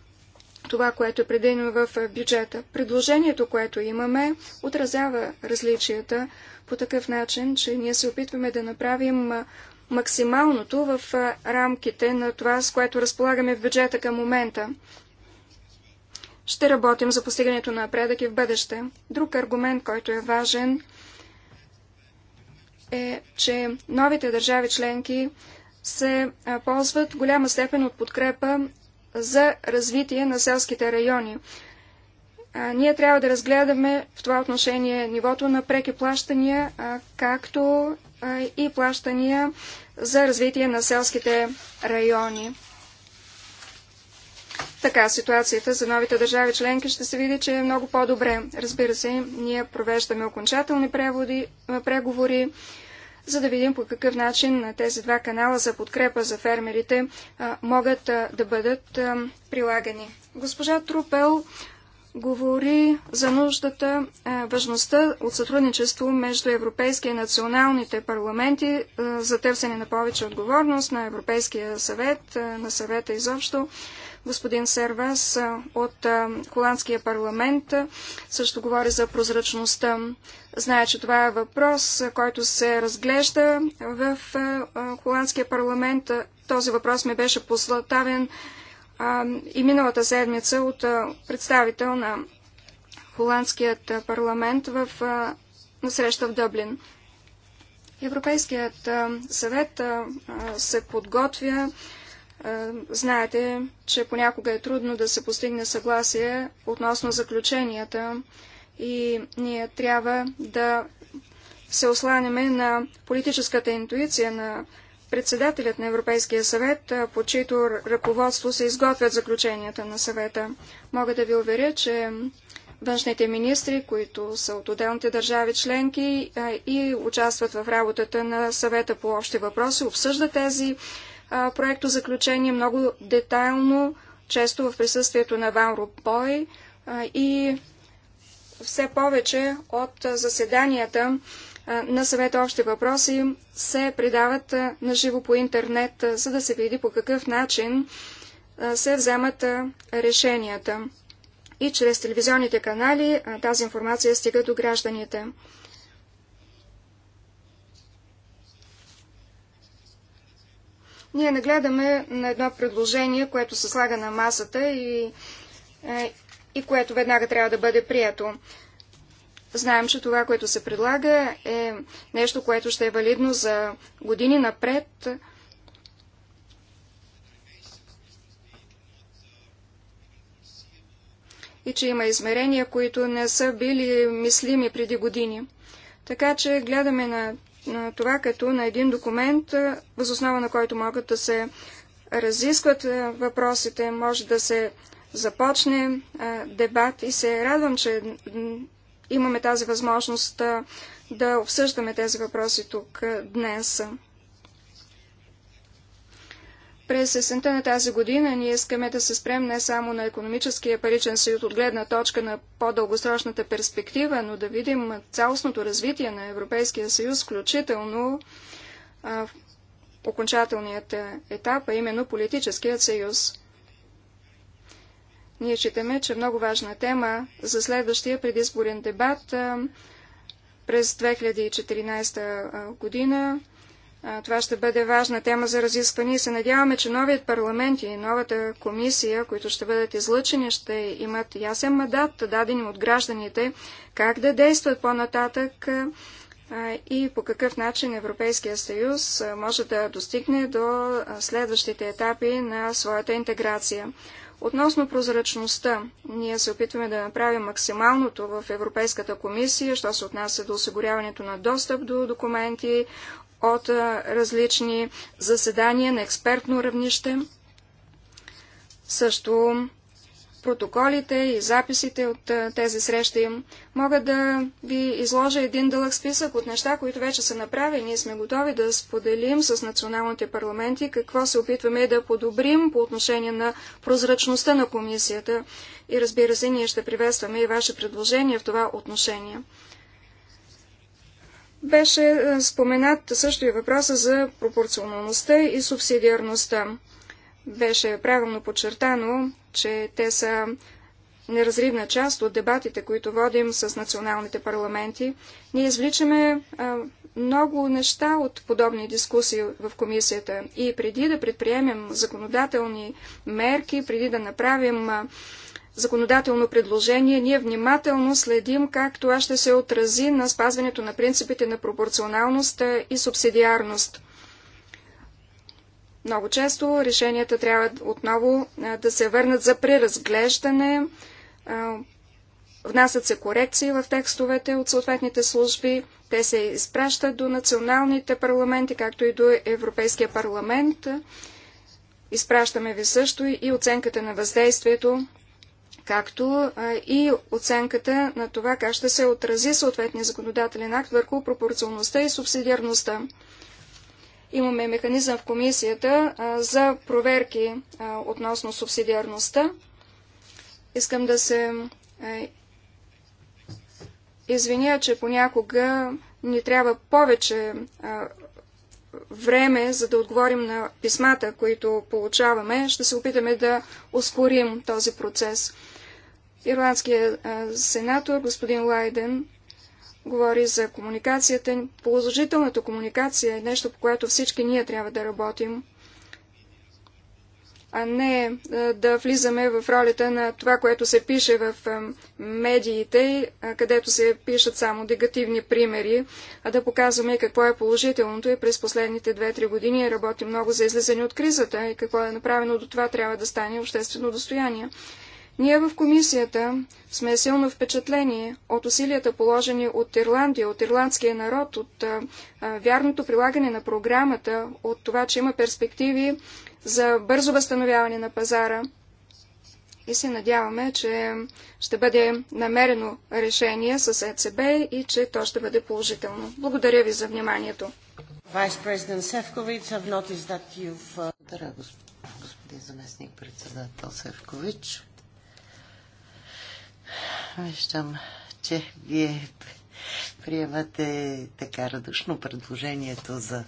[SPEAKER 3] това, което е предвидено в бюджета. Предложението, което имаме, отразява различията по такъв начин, че ние се опитваме да направим максималното в рамките на това, с което разполагаме в бюджета към момента. Ще работим за постигането на напредък и в бъдеще. Друг аргумент, който е важен, е, че новите държави членки се ползват голяма степен от подкрепа за развитие на селските райони. А, ние трябва да разгледаме в това отношение нивото на преки плащания, а, както и плащания за развитие на селските райони. Така ситуацията за новите държави членки ще се види, че е много по-добре. Разбира се, ние провеждаме окончателни преводи, преговори, за да видим по какъв начин тези два канала за подкрепа за фермерите а, могат а, да бъдат а, прилагани. Госпожа Трупел говори за нуждата, е, важността от сътрудничество между Европейския и националните парламенти е, за търсене на повече отговорност на Европейския съвет, е, на съвета изобщо. Господин Сервас от Холандския парламент също говори за прозрачността. Знае, че това е въпрос, който се разглежда в Холандския парламент. Този въпрос ми беше поставен и миналата седмица от представител на Холандският парламент в, а, на среща в Дъблин. Европейският съвет се подготвя. Знаете, че понякога е трудно да се постигне съгласие относно заключенията и ние трябва да се осланяме на политическата интуиция на председателят на Европейския съвет, по чието ръководство се изготвят заключенията на съвета. Мога да ви уверя, че външните министри, които са от отделните държави членки и участват в работата на съвета по общи въпроси, обсъждат тези проекто заключения много детайлно, често в присъствието на Ван Рупой и все повече от заседанията на съвета общи въпроси се предават на живо по интернет, за да се види по какъв начин се вземат решенията. И чрез телевизионните канали тази информация стига до гражданите. Ние нагледаме на едно предложение, което се слага на масата и, е, и което веднага трябва да бъде прието. Знаем, че това, което се предлага, е нещо, което ще е валидно за години напред. И че има измерения, които не са били мислими преди години. Така че гледаме на, на това като на един документ, възоснова на който могат да се разискват е, въпросите, може да се започне а, е, дебат и се радвам, че имаме тази възможност да обсъждаме тези въпроси тук днес. През есента на тази година ние искаме да се спрем не само на економическия паричен съюз от гледна точка на по-дългосрочната перспектива, но да видим цялостното развитие на Европейския съюз, включително а, окончателният етап, а именно политическият съюз. Ние считаме, че е много важна тема за следващия предизборен дебат през 2014 година. Това ще бъде важна тема за разискване и се надяваме, че новият парламент и новата комисия, които ще бъдат излъчени, ще имат ясен мандат, даден от гражданите, как да действат по-нататък и по какъв начин Европейския съюз може да достигне до следващите етапи на своята интеграция. Относно прозрачността, ние се опитваме да направим максималното в Европейската комисия, що се отнася до осигуряването на достъп до документи от различни заседания на експертно равнище. Също протоколите и записите от тези срещи. Мога да ви изложа един дълъг списък от неща, които вече са направени. Ние сме готови да споделим с националните парламенти какво се опитваме да подобрим по отношение на прозрачността на комисията. И разбира се, ние ще приветстваме и ваше предложение в това отношение. Беше споменат също и въпроса за пропорционалността и субсидиарността. Беше правилно подчертано, че те са неразривна част от дебатите, които водим с националните парламенти. Ние извличаме много неща от подобни дискусии в комисията. И преди да предприемем законодателни мерки, преди да направим законодателно предложение, ние внимателно следим как това ще се отрази на спазването на принципите на пропорционалност и субсидиарност. Много често решенията трябва отново да се върнат за преразглеждане. Внасят се корекции в текстовете от съответните служби. Те се изпращат до националните парламенти, както и до Европейския парламент. Изпращаме ви също и оценката на въздействието, както и оценката на това как ще се отрази съответния законодателен акт върху пропорционалността и субсидиарността. Имаме механизъм в комисията за проверки относно субсидиарността. Искам да се извиня, че понякога ни трябва повече време, за да отговорим на писмата, които получаваме. Ще се опитаме да ускорим този процес. Ирландският сенатор, господин Лайден, говори за комуникацията. Положителната комуникация е нещо, по което всички ние трябва да работим, а не е, да влизаме в ролята на това, което се пише в е, медиите, където се пишат само негативни примери, а да показваме какво е положителното и през последните 2-3 години работим много за излизане от кризата и какво е направено до това трябва да стане обществено достояние. Ние в комисията сме силно впечатлени от усилията положени от Ирландия, от ирландския народ, от а, вярното прилагане на програмата, от това, че има перспективи за бързо възстановяване на пазара. И се надяваме, че ще бъде намерено решение с ЕЦБ и че то ще бъде положително. Благодаря ви за вниманието.
[SPEAKER 2] Uh, Благодаря, господин заместник председател Севкович. Виждам, че вие приемате така радушно предложението за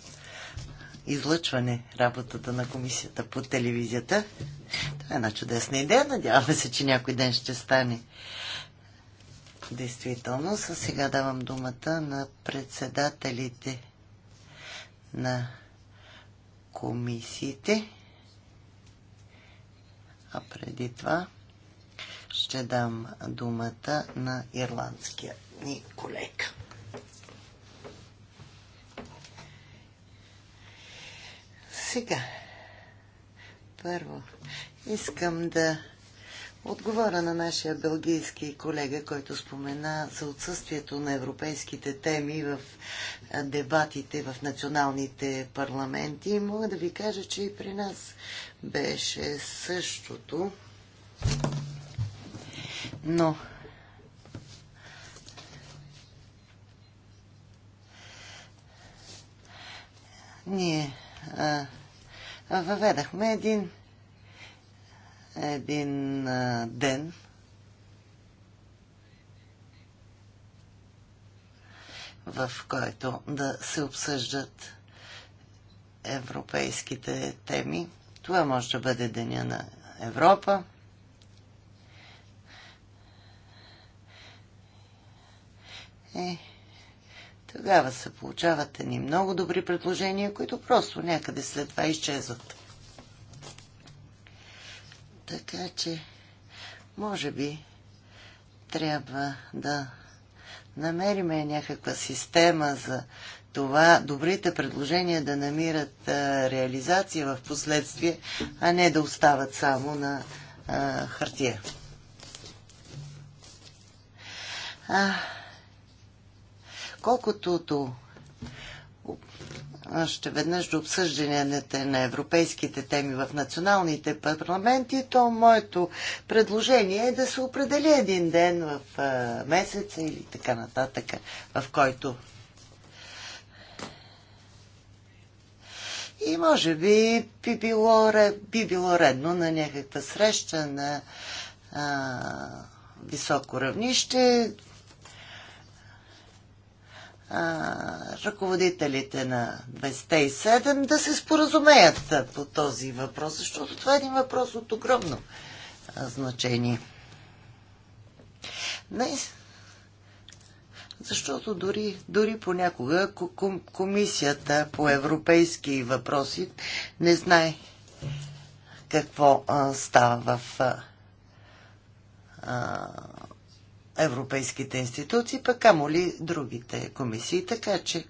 [SPEAKER 2] излъчване работата на комисията по телевизията. Това е една чудесна идея. Надяваме се, че някой ден ще стане действително. А сега давам думата на председателите на комисиите. А преди това ще дам думата на ирландския ни колега. Сега, първо, искам да отговоря на нашия белгийски колега, който спомена за отсъствието на европейските теми в дебатите в националните парламенти. И мога да ви кажа, че и при нас беше същото. Но ние а, въведахме един един а, ден, в който да се обсъждат европейските теми. Това може да бъде Деня на Европа, Е, тогава се получават ни много добри предложения, които просто някъде след това изчезват. Така че, може би, трябва да намериме някаква система за това добрите предложения да намират а, реализация в последствие, а не да остават само на а, хартия. А, Колкото до още веднъж до обсъжданията на европейските теми в националните парламенти, то моето предложение е да се определи един ден в месеца или така нататък, в който. И може би би било, би било редно на някаква среща на а, високо равнище ръководителите на 207 да се споразумеят по този въпрос, защото това е един въпрос от огромно значение. Не, защото дори, дори понякога комисията по европейски въпроси не знае какво а, става в а, европейските институции, пък камо ли другите комисии. Така че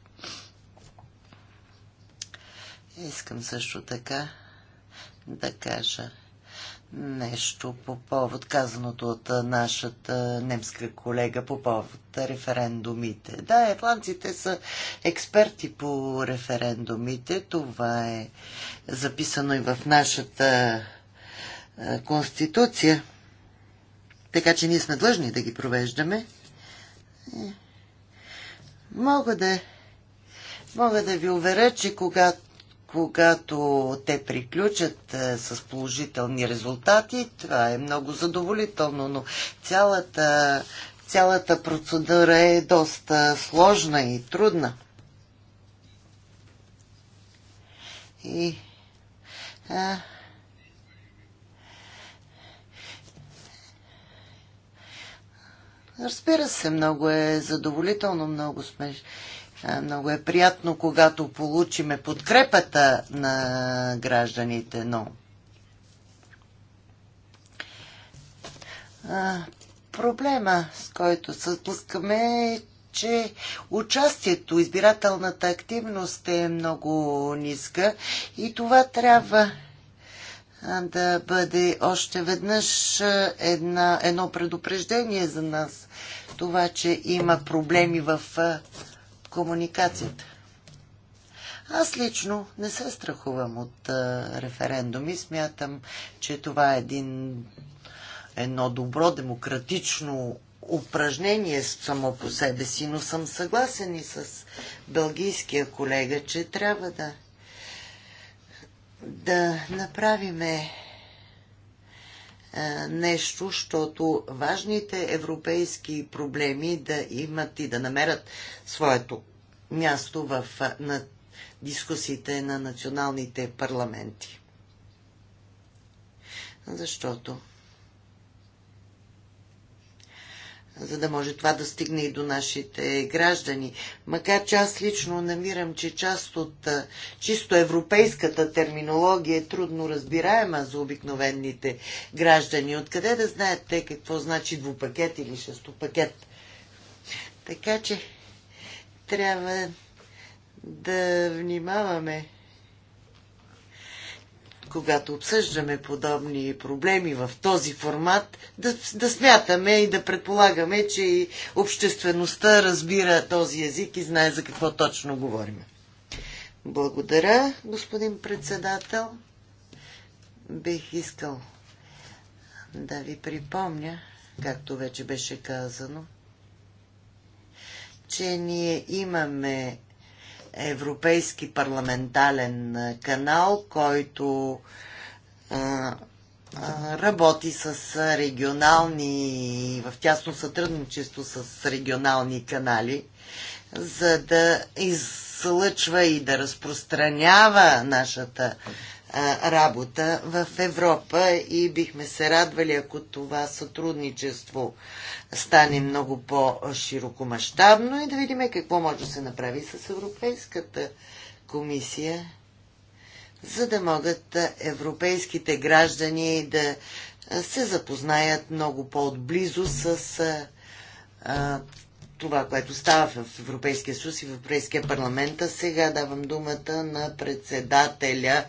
[SPEAKER 2] искам също така да кажа нещо по повод казаното от нашата немска колега по повод референдумите. Да, ирландците са експерти по референдумите. Това е записано и в нашата конституция така че ние сме длъжни да ги провеждаме. Мога да, мога да ви уверя, че когато когато те приключат с положителни резултати, това е много задоволително, но цялата, цялата процедура е доста сложна и трудна. И а, Разбира се, много е задоволително, много сме много е приятно, когато получиме подкрепата на гражданите, но а, проблема, с който се сблъскаме е, че участието, избирателната активност е много ниска и това трябва да бъде още веднъж една, едно предупреждение за нас. Това, че има проблеми в комуникацията. Аз лично не се страхувам от референдум и смятам, че това е един, едно добро демократично упражнение само по себе си, но съм съгласен и с бългийския колега, че трябва да да направиме е, нещо, защото важните европейски проблеми да имат и да намерят своето място в е, на дискусиите на националните парламенти. Защото за да може това да стигне и до нашите граждани. Макар че аз лично намирам, че част от чисто европейската терминология е трудно разбираема за обикновените граждани. Откъде да знаят те какво значи двупакет или шестопакет? Така че трябва да внимаваме когато обсъждаме подобни проблеми в този формат, да, да смятаме и да предполагаме, че и обществеността разбира този език и знае за какво точно говорим. Благодаря, господин председател. Бих искал да ви припомня, както вече беше казано, че ние имаме европейски парламентален канал, който работи с регионални, в тясно сътрудничество с регионални канали, за да излъчва и да разпространява нашата работа в Европа и бихме се радвали, ако това сътрудничество стане много по-широкомащабно и да видим какво може да се направи с Европейската комисия, за да могат европейските граждани да се запознаят много по-отблизо с това, което става в Европейския съюз и в Европейския парламент. А сега давам думата на председателя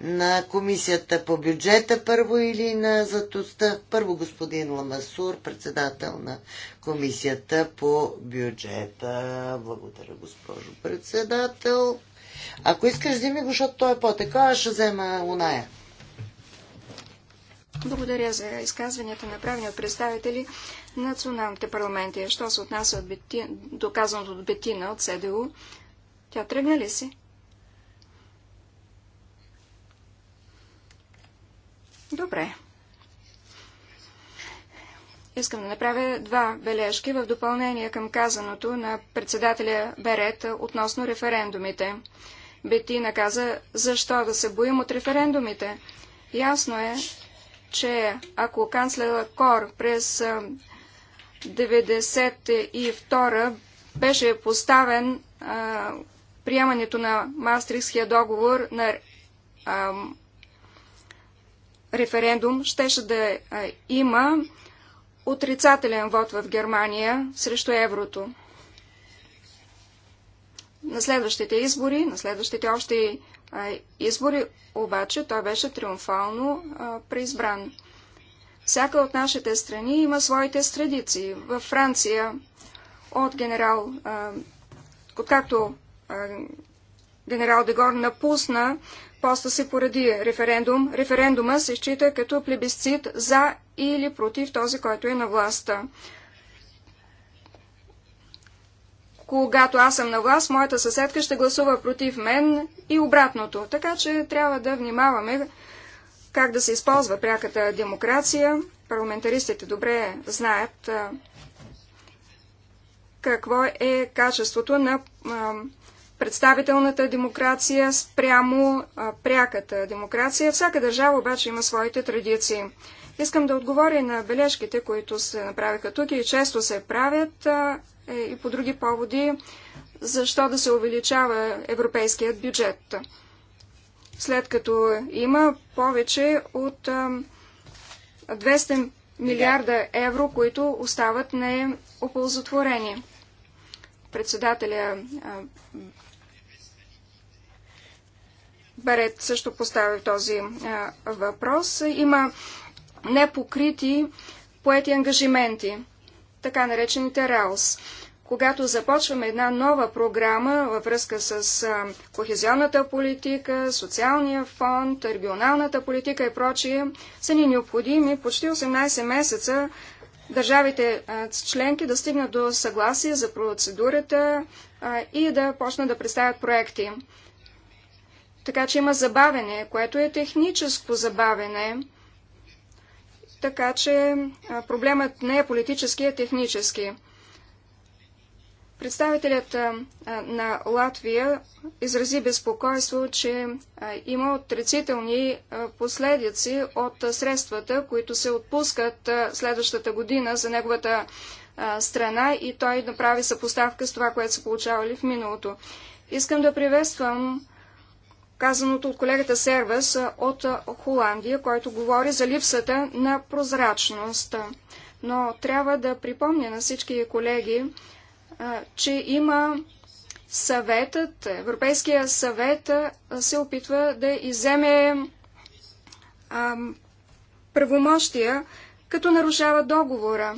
[SPEAKER 2] на Комисията по бюджета първо или на затостта. Първо господин Ламасур, председател на Комисията по бюджета. Благодаря, госпожо председател. Ако искаш, вземи го, защото той е по-така, аз ще взема Луная.
[SPEAKER 3] Благодаря за изказванията на правния представители националните парламенти. Що се отнася от бети... доказаното от Бетина, от СДУ, тя тръгна ли си? Добре. Искам да направя два бележки в допълнение към казаното на председателя Берет относно референдумите. Бетина каза, защо да се боим от референдумите? Ясно е, че ако канцлера Кор през 1992 беше поставен а, приемането на Мастрихския договор на а, референдум, щеше да а, има отрицателен вод в Германия срещу еврото. На следващите избори, на следващите още избори, обаче той беше триумфално а, преизбран. Всяка от нашите страни има своите традиции. Във Франция от генерал, откакто генерал Дегор напусна поста си поради референдум, референдума се счита като плебисцит за или против този, който е на властта. Когато аз съм на власт, моята съседка ще гласува против мен и обратното. Така че трябва да внимаваме как да се използва пряката демокрация. Парламентаристите добре знаят какво е качеството на представителната демокрация спрямо пряката демокрация. Всяка държава обаче има своите традиции. Искам да отговоря на бележките, които се направиха тук и често се правят е, и по други поводи, защо да се увеличава европейският бюджет след като има повече от 200 милиарда евро, които остават неоползотворени. Председателя Барет също постави този въпрос. Има непокрити поети ангажименти, така наречените РАОС когато започваме една нова програма във връзка с кохезионната политика, социалния фонд, регионалната политика и прочие, са ни необходими почти 18 месеца държавите членки да стигнат до съгласие за процедурата и да почнат да представят проекти. Така че има забавене, което е техническо забавене. Така че проблемът не е политически, а технически. Представителят на Латвия изрази безпокойство, че има отрицителни последици от средствата, които се отпускат следващата година за неговата страна и той направи съпоставка с това, което са получавали в миналото. Искам да приветствам казаното от колегата Сервас от Холандия, който говори за липсата на прозрачност. Но трябва да припомня на всички колеги, че има съветът, Европейския съвет се опитва да иземе правомощия, като нарушава договора,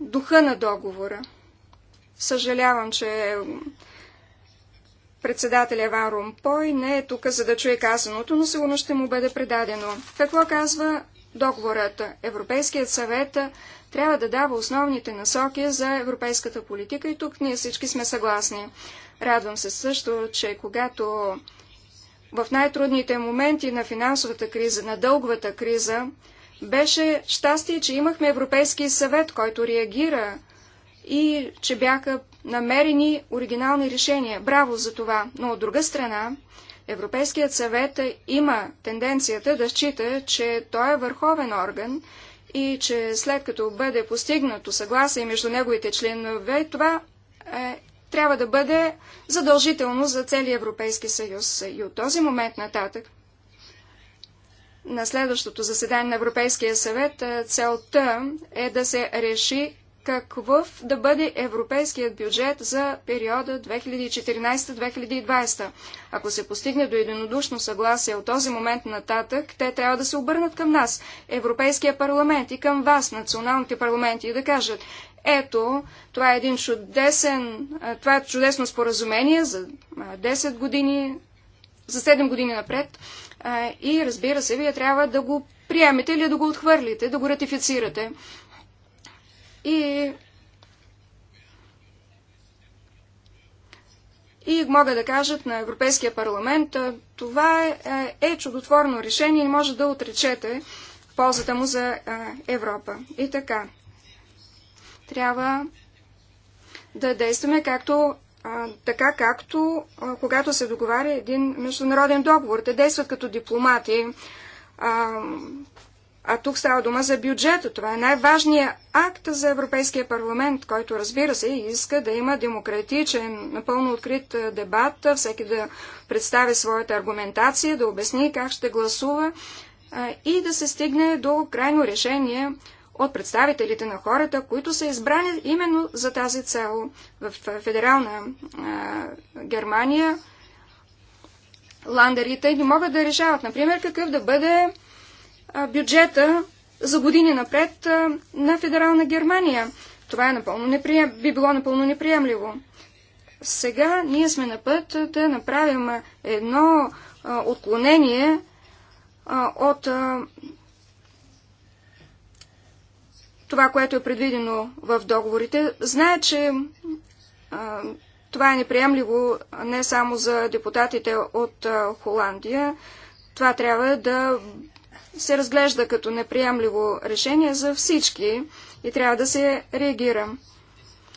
[SPEAKER 3] духа на договора. Съжалявам, че председателя Ван Румпой не е тук, за да чуе казаното, но сигурно ще му бъде предадено. Какво казва договорът? Европейският съвет трябва да дава основните насоки за европейската политика и тук ние всички сме съгласни. Радвам се също, че когато в най-трудните моменти на финансовата криза, на дълговата криза, беше щастие, че имахме Европейски съвет, който реагира и че бяха намерени оригинални решения. Браво за това! Но от друга страна, Европейският съвет има тенденцията да счита, че той е върховен орган и че след като бъде постигнато съгласие между неговите членове, това е, трябва да бъде задължително за целия Европейски съюз. И от този момент нататък на следващото заседание на Европейския съвет е, целта е да се реши какъв да бъде европейският бюджет за периода 2014-2020. Ако се постигне до единодушно съгласие от този момент нататък, те трябва да се обърнат към нас, Европейския парламент и към вас, националните парламенти, и да кажат, ето, това е един чудесен, това е чудесно споразумение за 10 години, за 7 години напред. И разбира се, вие трябва да го приемете или да го отхвърлите, да го ратифицирате и и могат да кажат на Европейския парламент, това е, е чудотворно решение и може да отречете ползата му за Европа. И така, трябва да действаме както, така както когато се договаря един международен договор. Те действат като дипломати, а тук става дума за бюджета. Това е най-важният акт за Европейския парламент, който разбира се иска да има демократичен, напълно открит дебат, всеки да представи своята аргументация, да обясни как ще гласува и да се стигне до крайно решение от представителите на хората, които са избрани именно за тази цел. В федерална Германия ландерите не могат да решават, например, какъв да бъде бюджета за години напред на федерална Германия. Това е напълно неприем... би било напълно неприемливо. Сега ние сме на път да направим едно отклонение от това, което е предвидено в договорите. Знае, че това е неприемливо не само за депутатите от Холандия. Това трябва да се разглежда като неприемливо решение за всички и трябва да се реагира.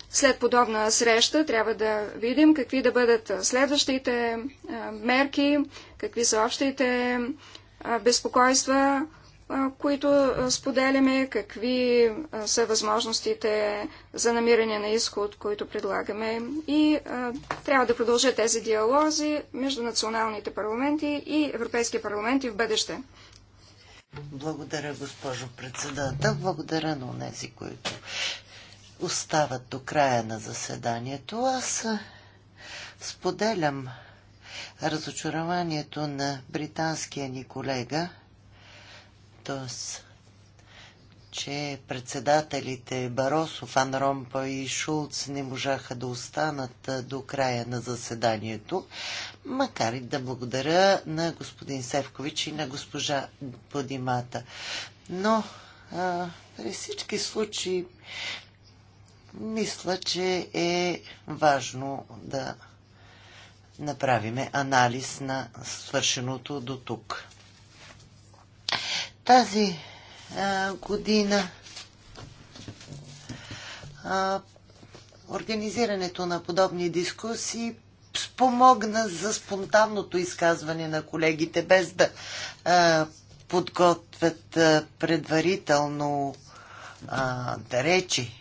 [SPEAKER 3] След подобна среща трябва да видим какви да бъдат следващите е, мерки, какви са общите е, безпокойства, е, които споделяме, какви са възможностите за намиране на изход, които предлагаме. И трябва да продължат тези диалози между националните парламенти и Европейския парламент и в бъдеще.
[SPEAKER 2] Благодаря, госпожо председател. Благодаря на тези, които остават до края на заседанието. Аз споделям разочарованието на британския ни колега, т.е че председателите Баросо, Фан Ромпа и Шулц не можаха да останат до края на заседанието, макар и да благодаря на господин Севкович и на госпожа Подимата. Но а, при всички случаи мисля, че е важно да направиме анализ на свършеното до тук. Тази година организирането на подобни дискусии спомогна за спонтанното изказване на колегите, без да подготвят предварително да речи.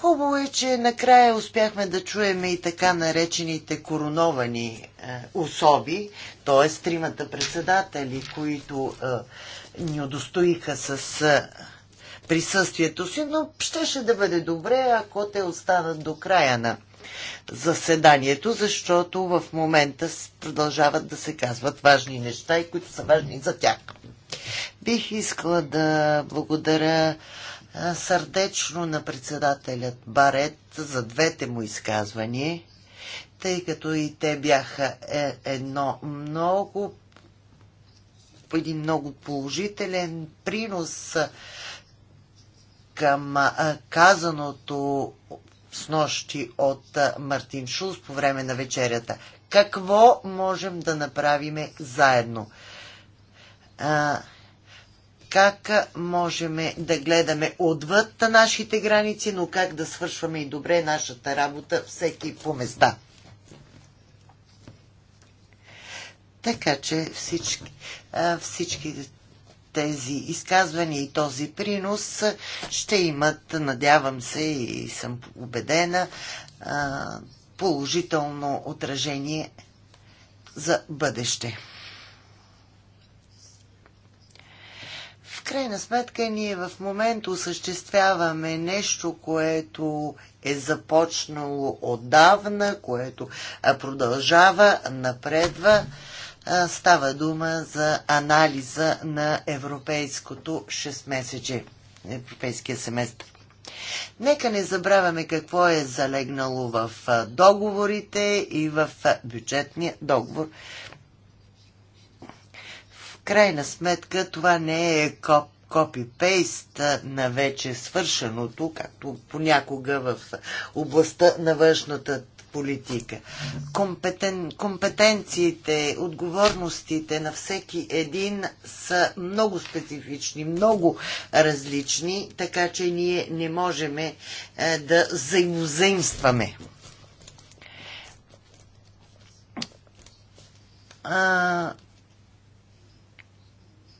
[SPEAKER 2] хубаво е, че накрая успяхме да чуем и така наречените короновани особи, т.е. тримата председатели, които а, ни удостоиха с присъствието си, но щеше да бъде добре, ако те останат до края на заседанието, защото в момента продължават да се казват важни неща и които са важни за тях. Бих искала да благодаря сърдечно на председателят Барет за двете му изказвания, тъй като и те бяха е, едно много един много положителен принос към казаното с нощи от Мартин Шулс по време на вечерята. Какво можем да направиме заедно? как можем да гледаме отвъд на нашите граници, но как да свършваме и добре нашата работа всеки по места? Така че всички, всички тези изказвания и този принос ще имат, надявам се и съм убедена, положително отражение за бъдеще. В крайна сметка ние в момента осъществяваме нещо, което е започнало отдавна, което продължава, напредва става дума за анализа на европейското 6-месече, европейския семестър. Нека не забравяме какво е залегнало в договорите и в бюджетния договор. В крайна сметка това не е коп копипейст на вече свършеното, както понякога в областта на външната политика. Компетен, компетенциите, отговорностите на всеки един са много специфични, много различни, така че ние не можем е, да взаимозаимстваме. А,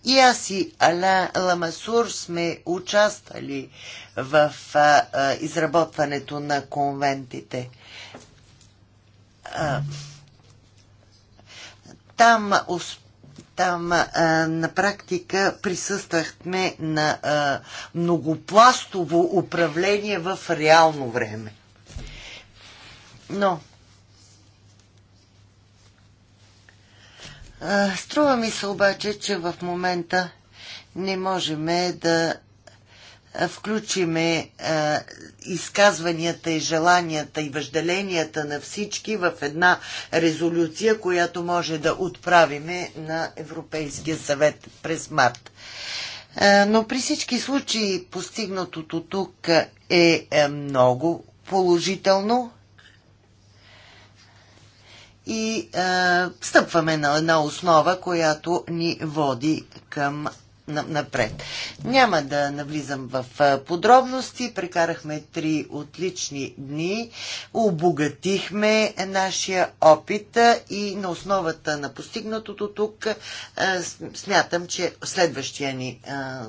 [SPEAKER 2] и аз и Аля Ламасур сме участвали в а, а, изработването на конвентите. Там, там на практика присъствахме на многопластово управление в реално време. Но Струва ми се обаче, че в момента не можем да включиме а, е, изказванията и желанията и въжделенията на всички в една резолюция, която може да отправиме на Европейския съвет през март. А, е, но при всички случаи постигнатото тук е, е много положително и а, е, стъпваме на една основа, която ни води към напред. Няма да навлизам в подробности. Прекарахме три отлични дни. Обогатихме нашия опит и на основата на постигнатото тук смятам, че следващия ни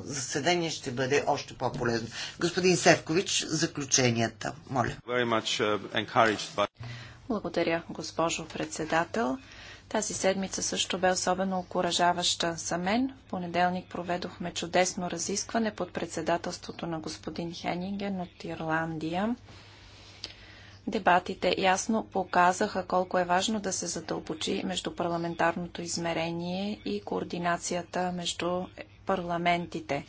[SPEAKER 2] заседание ще бъде още по-полезно. Господин Севкович, заключенията,
[SPEAKER 3] моля. Uh,
[SPEAKER 1] Благодаря, госпожо председател. Тази седмица също бе особено окоръжаваща за мен. В понеделник проведохме чудесно разискване под председателството на господин Хенинген от Ирландия. Дебатите ясно показаха колко е важно да се задълбочи между парламентарното измерение и координацията между парламентите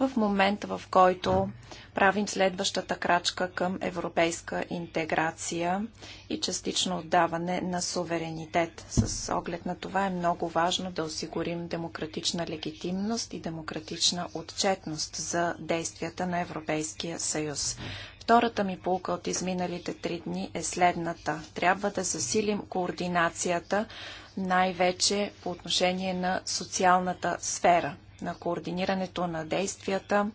[SPEAKER 1] в момента, в който правим следващата крачка към европейска интеграция и частично отдаване на суверенитет. С оглед на това е много важно да осигурим демократична легитимност и демократична отчетност за действията на Европейския съюз. Втората ми полука от изминалите три дни е следната. Трябва да засилим координацията най-вече по отношение на социалната сфера на координирането на действията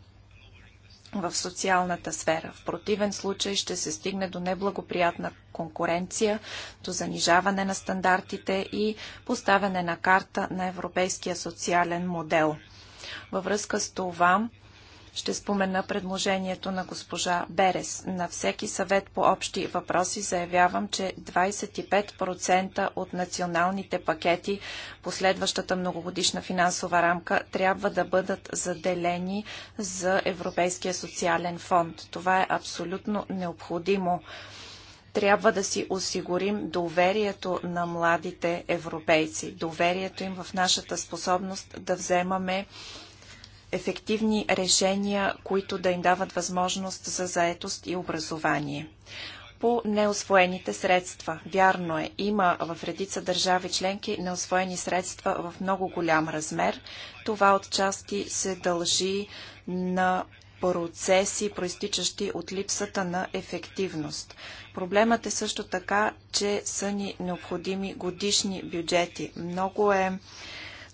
[SPEAKER 1] в социалната сфера. В противен случай ще се стигне до неблагоприятна конкуренция, до занижаване на стандартите и поставяне на карта на европейския социален модел. Във връзка с това, ще спомена предложението на госпожа Берес. На всеки съвет по общи въпроси заявявам, че 25% от националните пакети по следващата многогодишна финансова рамка трябва да бъдат заделени за Европейския социален фонд. Това е абсолютно необходимо трябва да си осигурим доверието на младите европейци, доверието им в нашата способност да вземаме ефективни решения, които да им дават възможност за заетост и образование. По неосвоените средства. Вярно е, има в редица държави членки неосвоени средства в много голям размер. Това отчасти се дължи на процеси, проистичащи от липсата на ефективност. Проблемът е също така, че са ни необходими годишни бюджети. Много е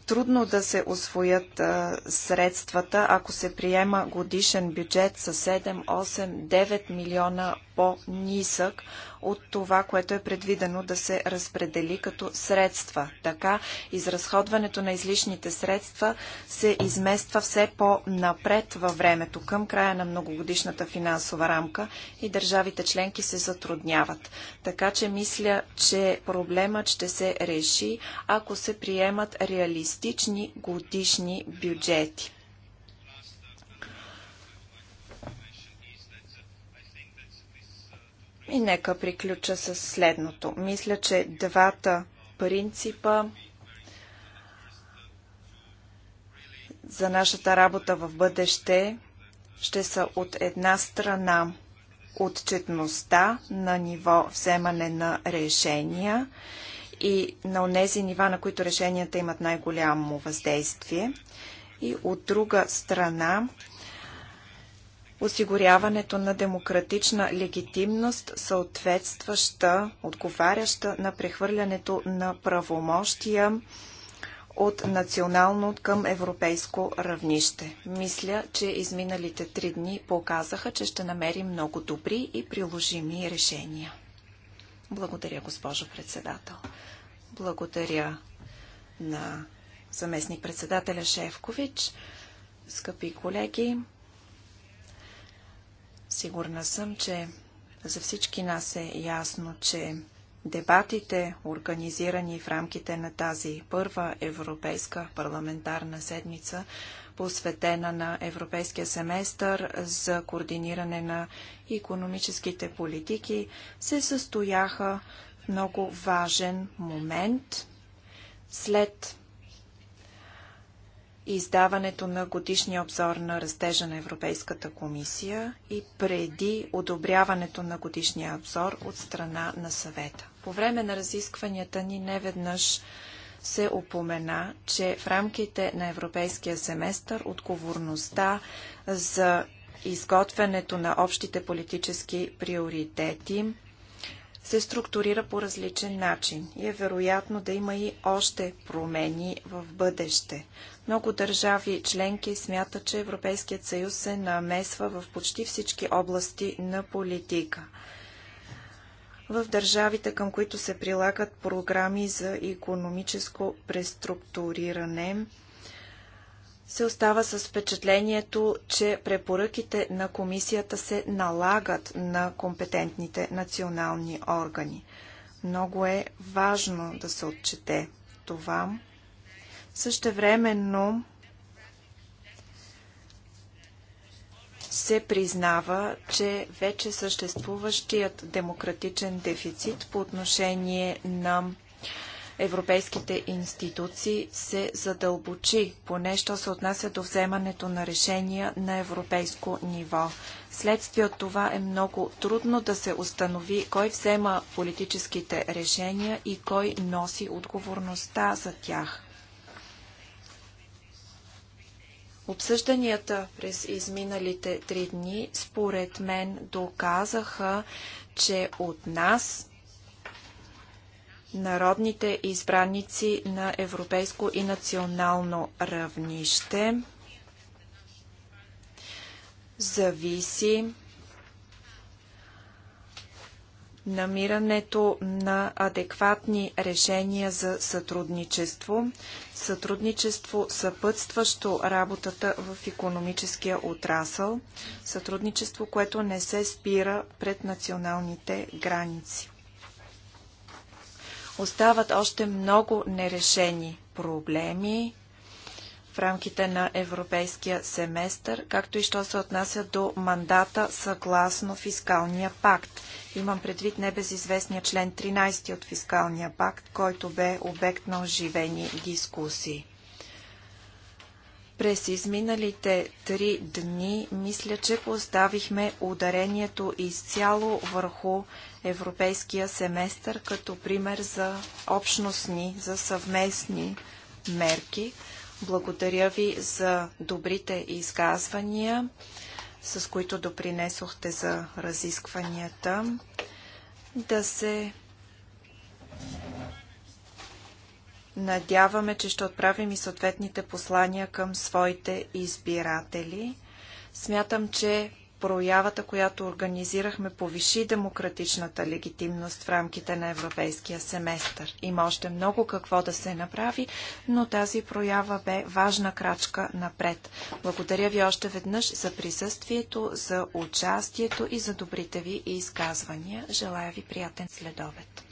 [SPEAKER 1] трудно да се освоят а, средствата, ако се приема годишен бюджет с 7, 8, 9 милиона по-нисък от това, което е предвидено да се разпредели като средства. Така изразходването на излишните средства се измества все по-напред във времето, към края на многогодишната финансова рамка и държавите членки се затрудняват. Така че мисля, че проблемът ще се реши, ако се приемат реалистични годишни бюджети. И нека приключа с следното. Мисля, че двата принципа за нашата работа в бъдеще ще са от една страна отчетността на ниво вземане на решения и на тези нива, на които решенията имат най-голямо въздействие. И от друга страна осигуряването на демократична легитимност, съответстваща, отговаряща на прехвърлянето на правомощия от национално към европейско равнище. Мисля, че изминалите три дни показаха, че ще намерим много добри и приложими решения. Благодаря, госпожо председател. Благодаря на заместник председателя Шевкович, Скъпи колеги, Сигурна съм, че за всички нас е ясно, че дебатите, организирани в рамките на тази първа европейска парламентарна седмица, посветена на европейския семестър за координиране на економическите политики, се състояха много важен момент след издаването на годишния обзор на растежа на Европейската комисия и преди одобряването на годишния обзор от страна на съвета. По време на разискванията ни неведнъж се упомена, че в рамките на европейския семестър отговорността за изготвянето на общите политически приоритети се структурира по различен начин и е вероятно да има и още промени в бъдеще. Много държави членки смятат, че Европейският съюз се намесва в почти всички области на политика. В държавите, към които се прилагат програми за економическо преструктуриране, се остава с впечатлението, че препоръките на комисията се налагат на компетентните национални органи. Много е важно да се отчете това. Същевременно се признава, че вече съществуващият демократичен дефицит по отношение на европейските институции се задълбочи, поне що се отнася до вземането на решения на европейско ниво. Следствие от това е много трудно да се установи кой взема политическите решения и кой носи отговорността за тях. Обсъжданията през изминалите три дни, според мен, доказаха, че от нас народните избраници на европейско и национално равнище зависи намирането на адекватни решения за сътрудничество, сътрудничество съпътстващо работата в економическия отрасъл, сътрудничество, което не се спира пред националните граници. Остават още много нерешени проблеми в рамките на европейския семестър, както и що се отнася до мандата съгласно фискалния пакт. Имам предвид небезизвестния член 13 от фискалния пакт, който бе обект на оживени дискусии. През изминалите три дни мисля, че поставихме ударението изцяло върху европейския семестър като пример за общностни, за съвместни мерки. Благодаря ви за добрите изказвания, с които допринесохте за разискванията. Да се надяваме, че ще отправим и съответните послания към своите избиратели. Смятам, че проявата, която организирахме, повиши демократичната легитимност в рамките на европейския семестър. Има още много какво да се направи, но тази проява бе важна крачка напред. Благодаря ви още веднъж за присъствието, за участието и за добрите ви изказвания. Желая ви приятен следобед.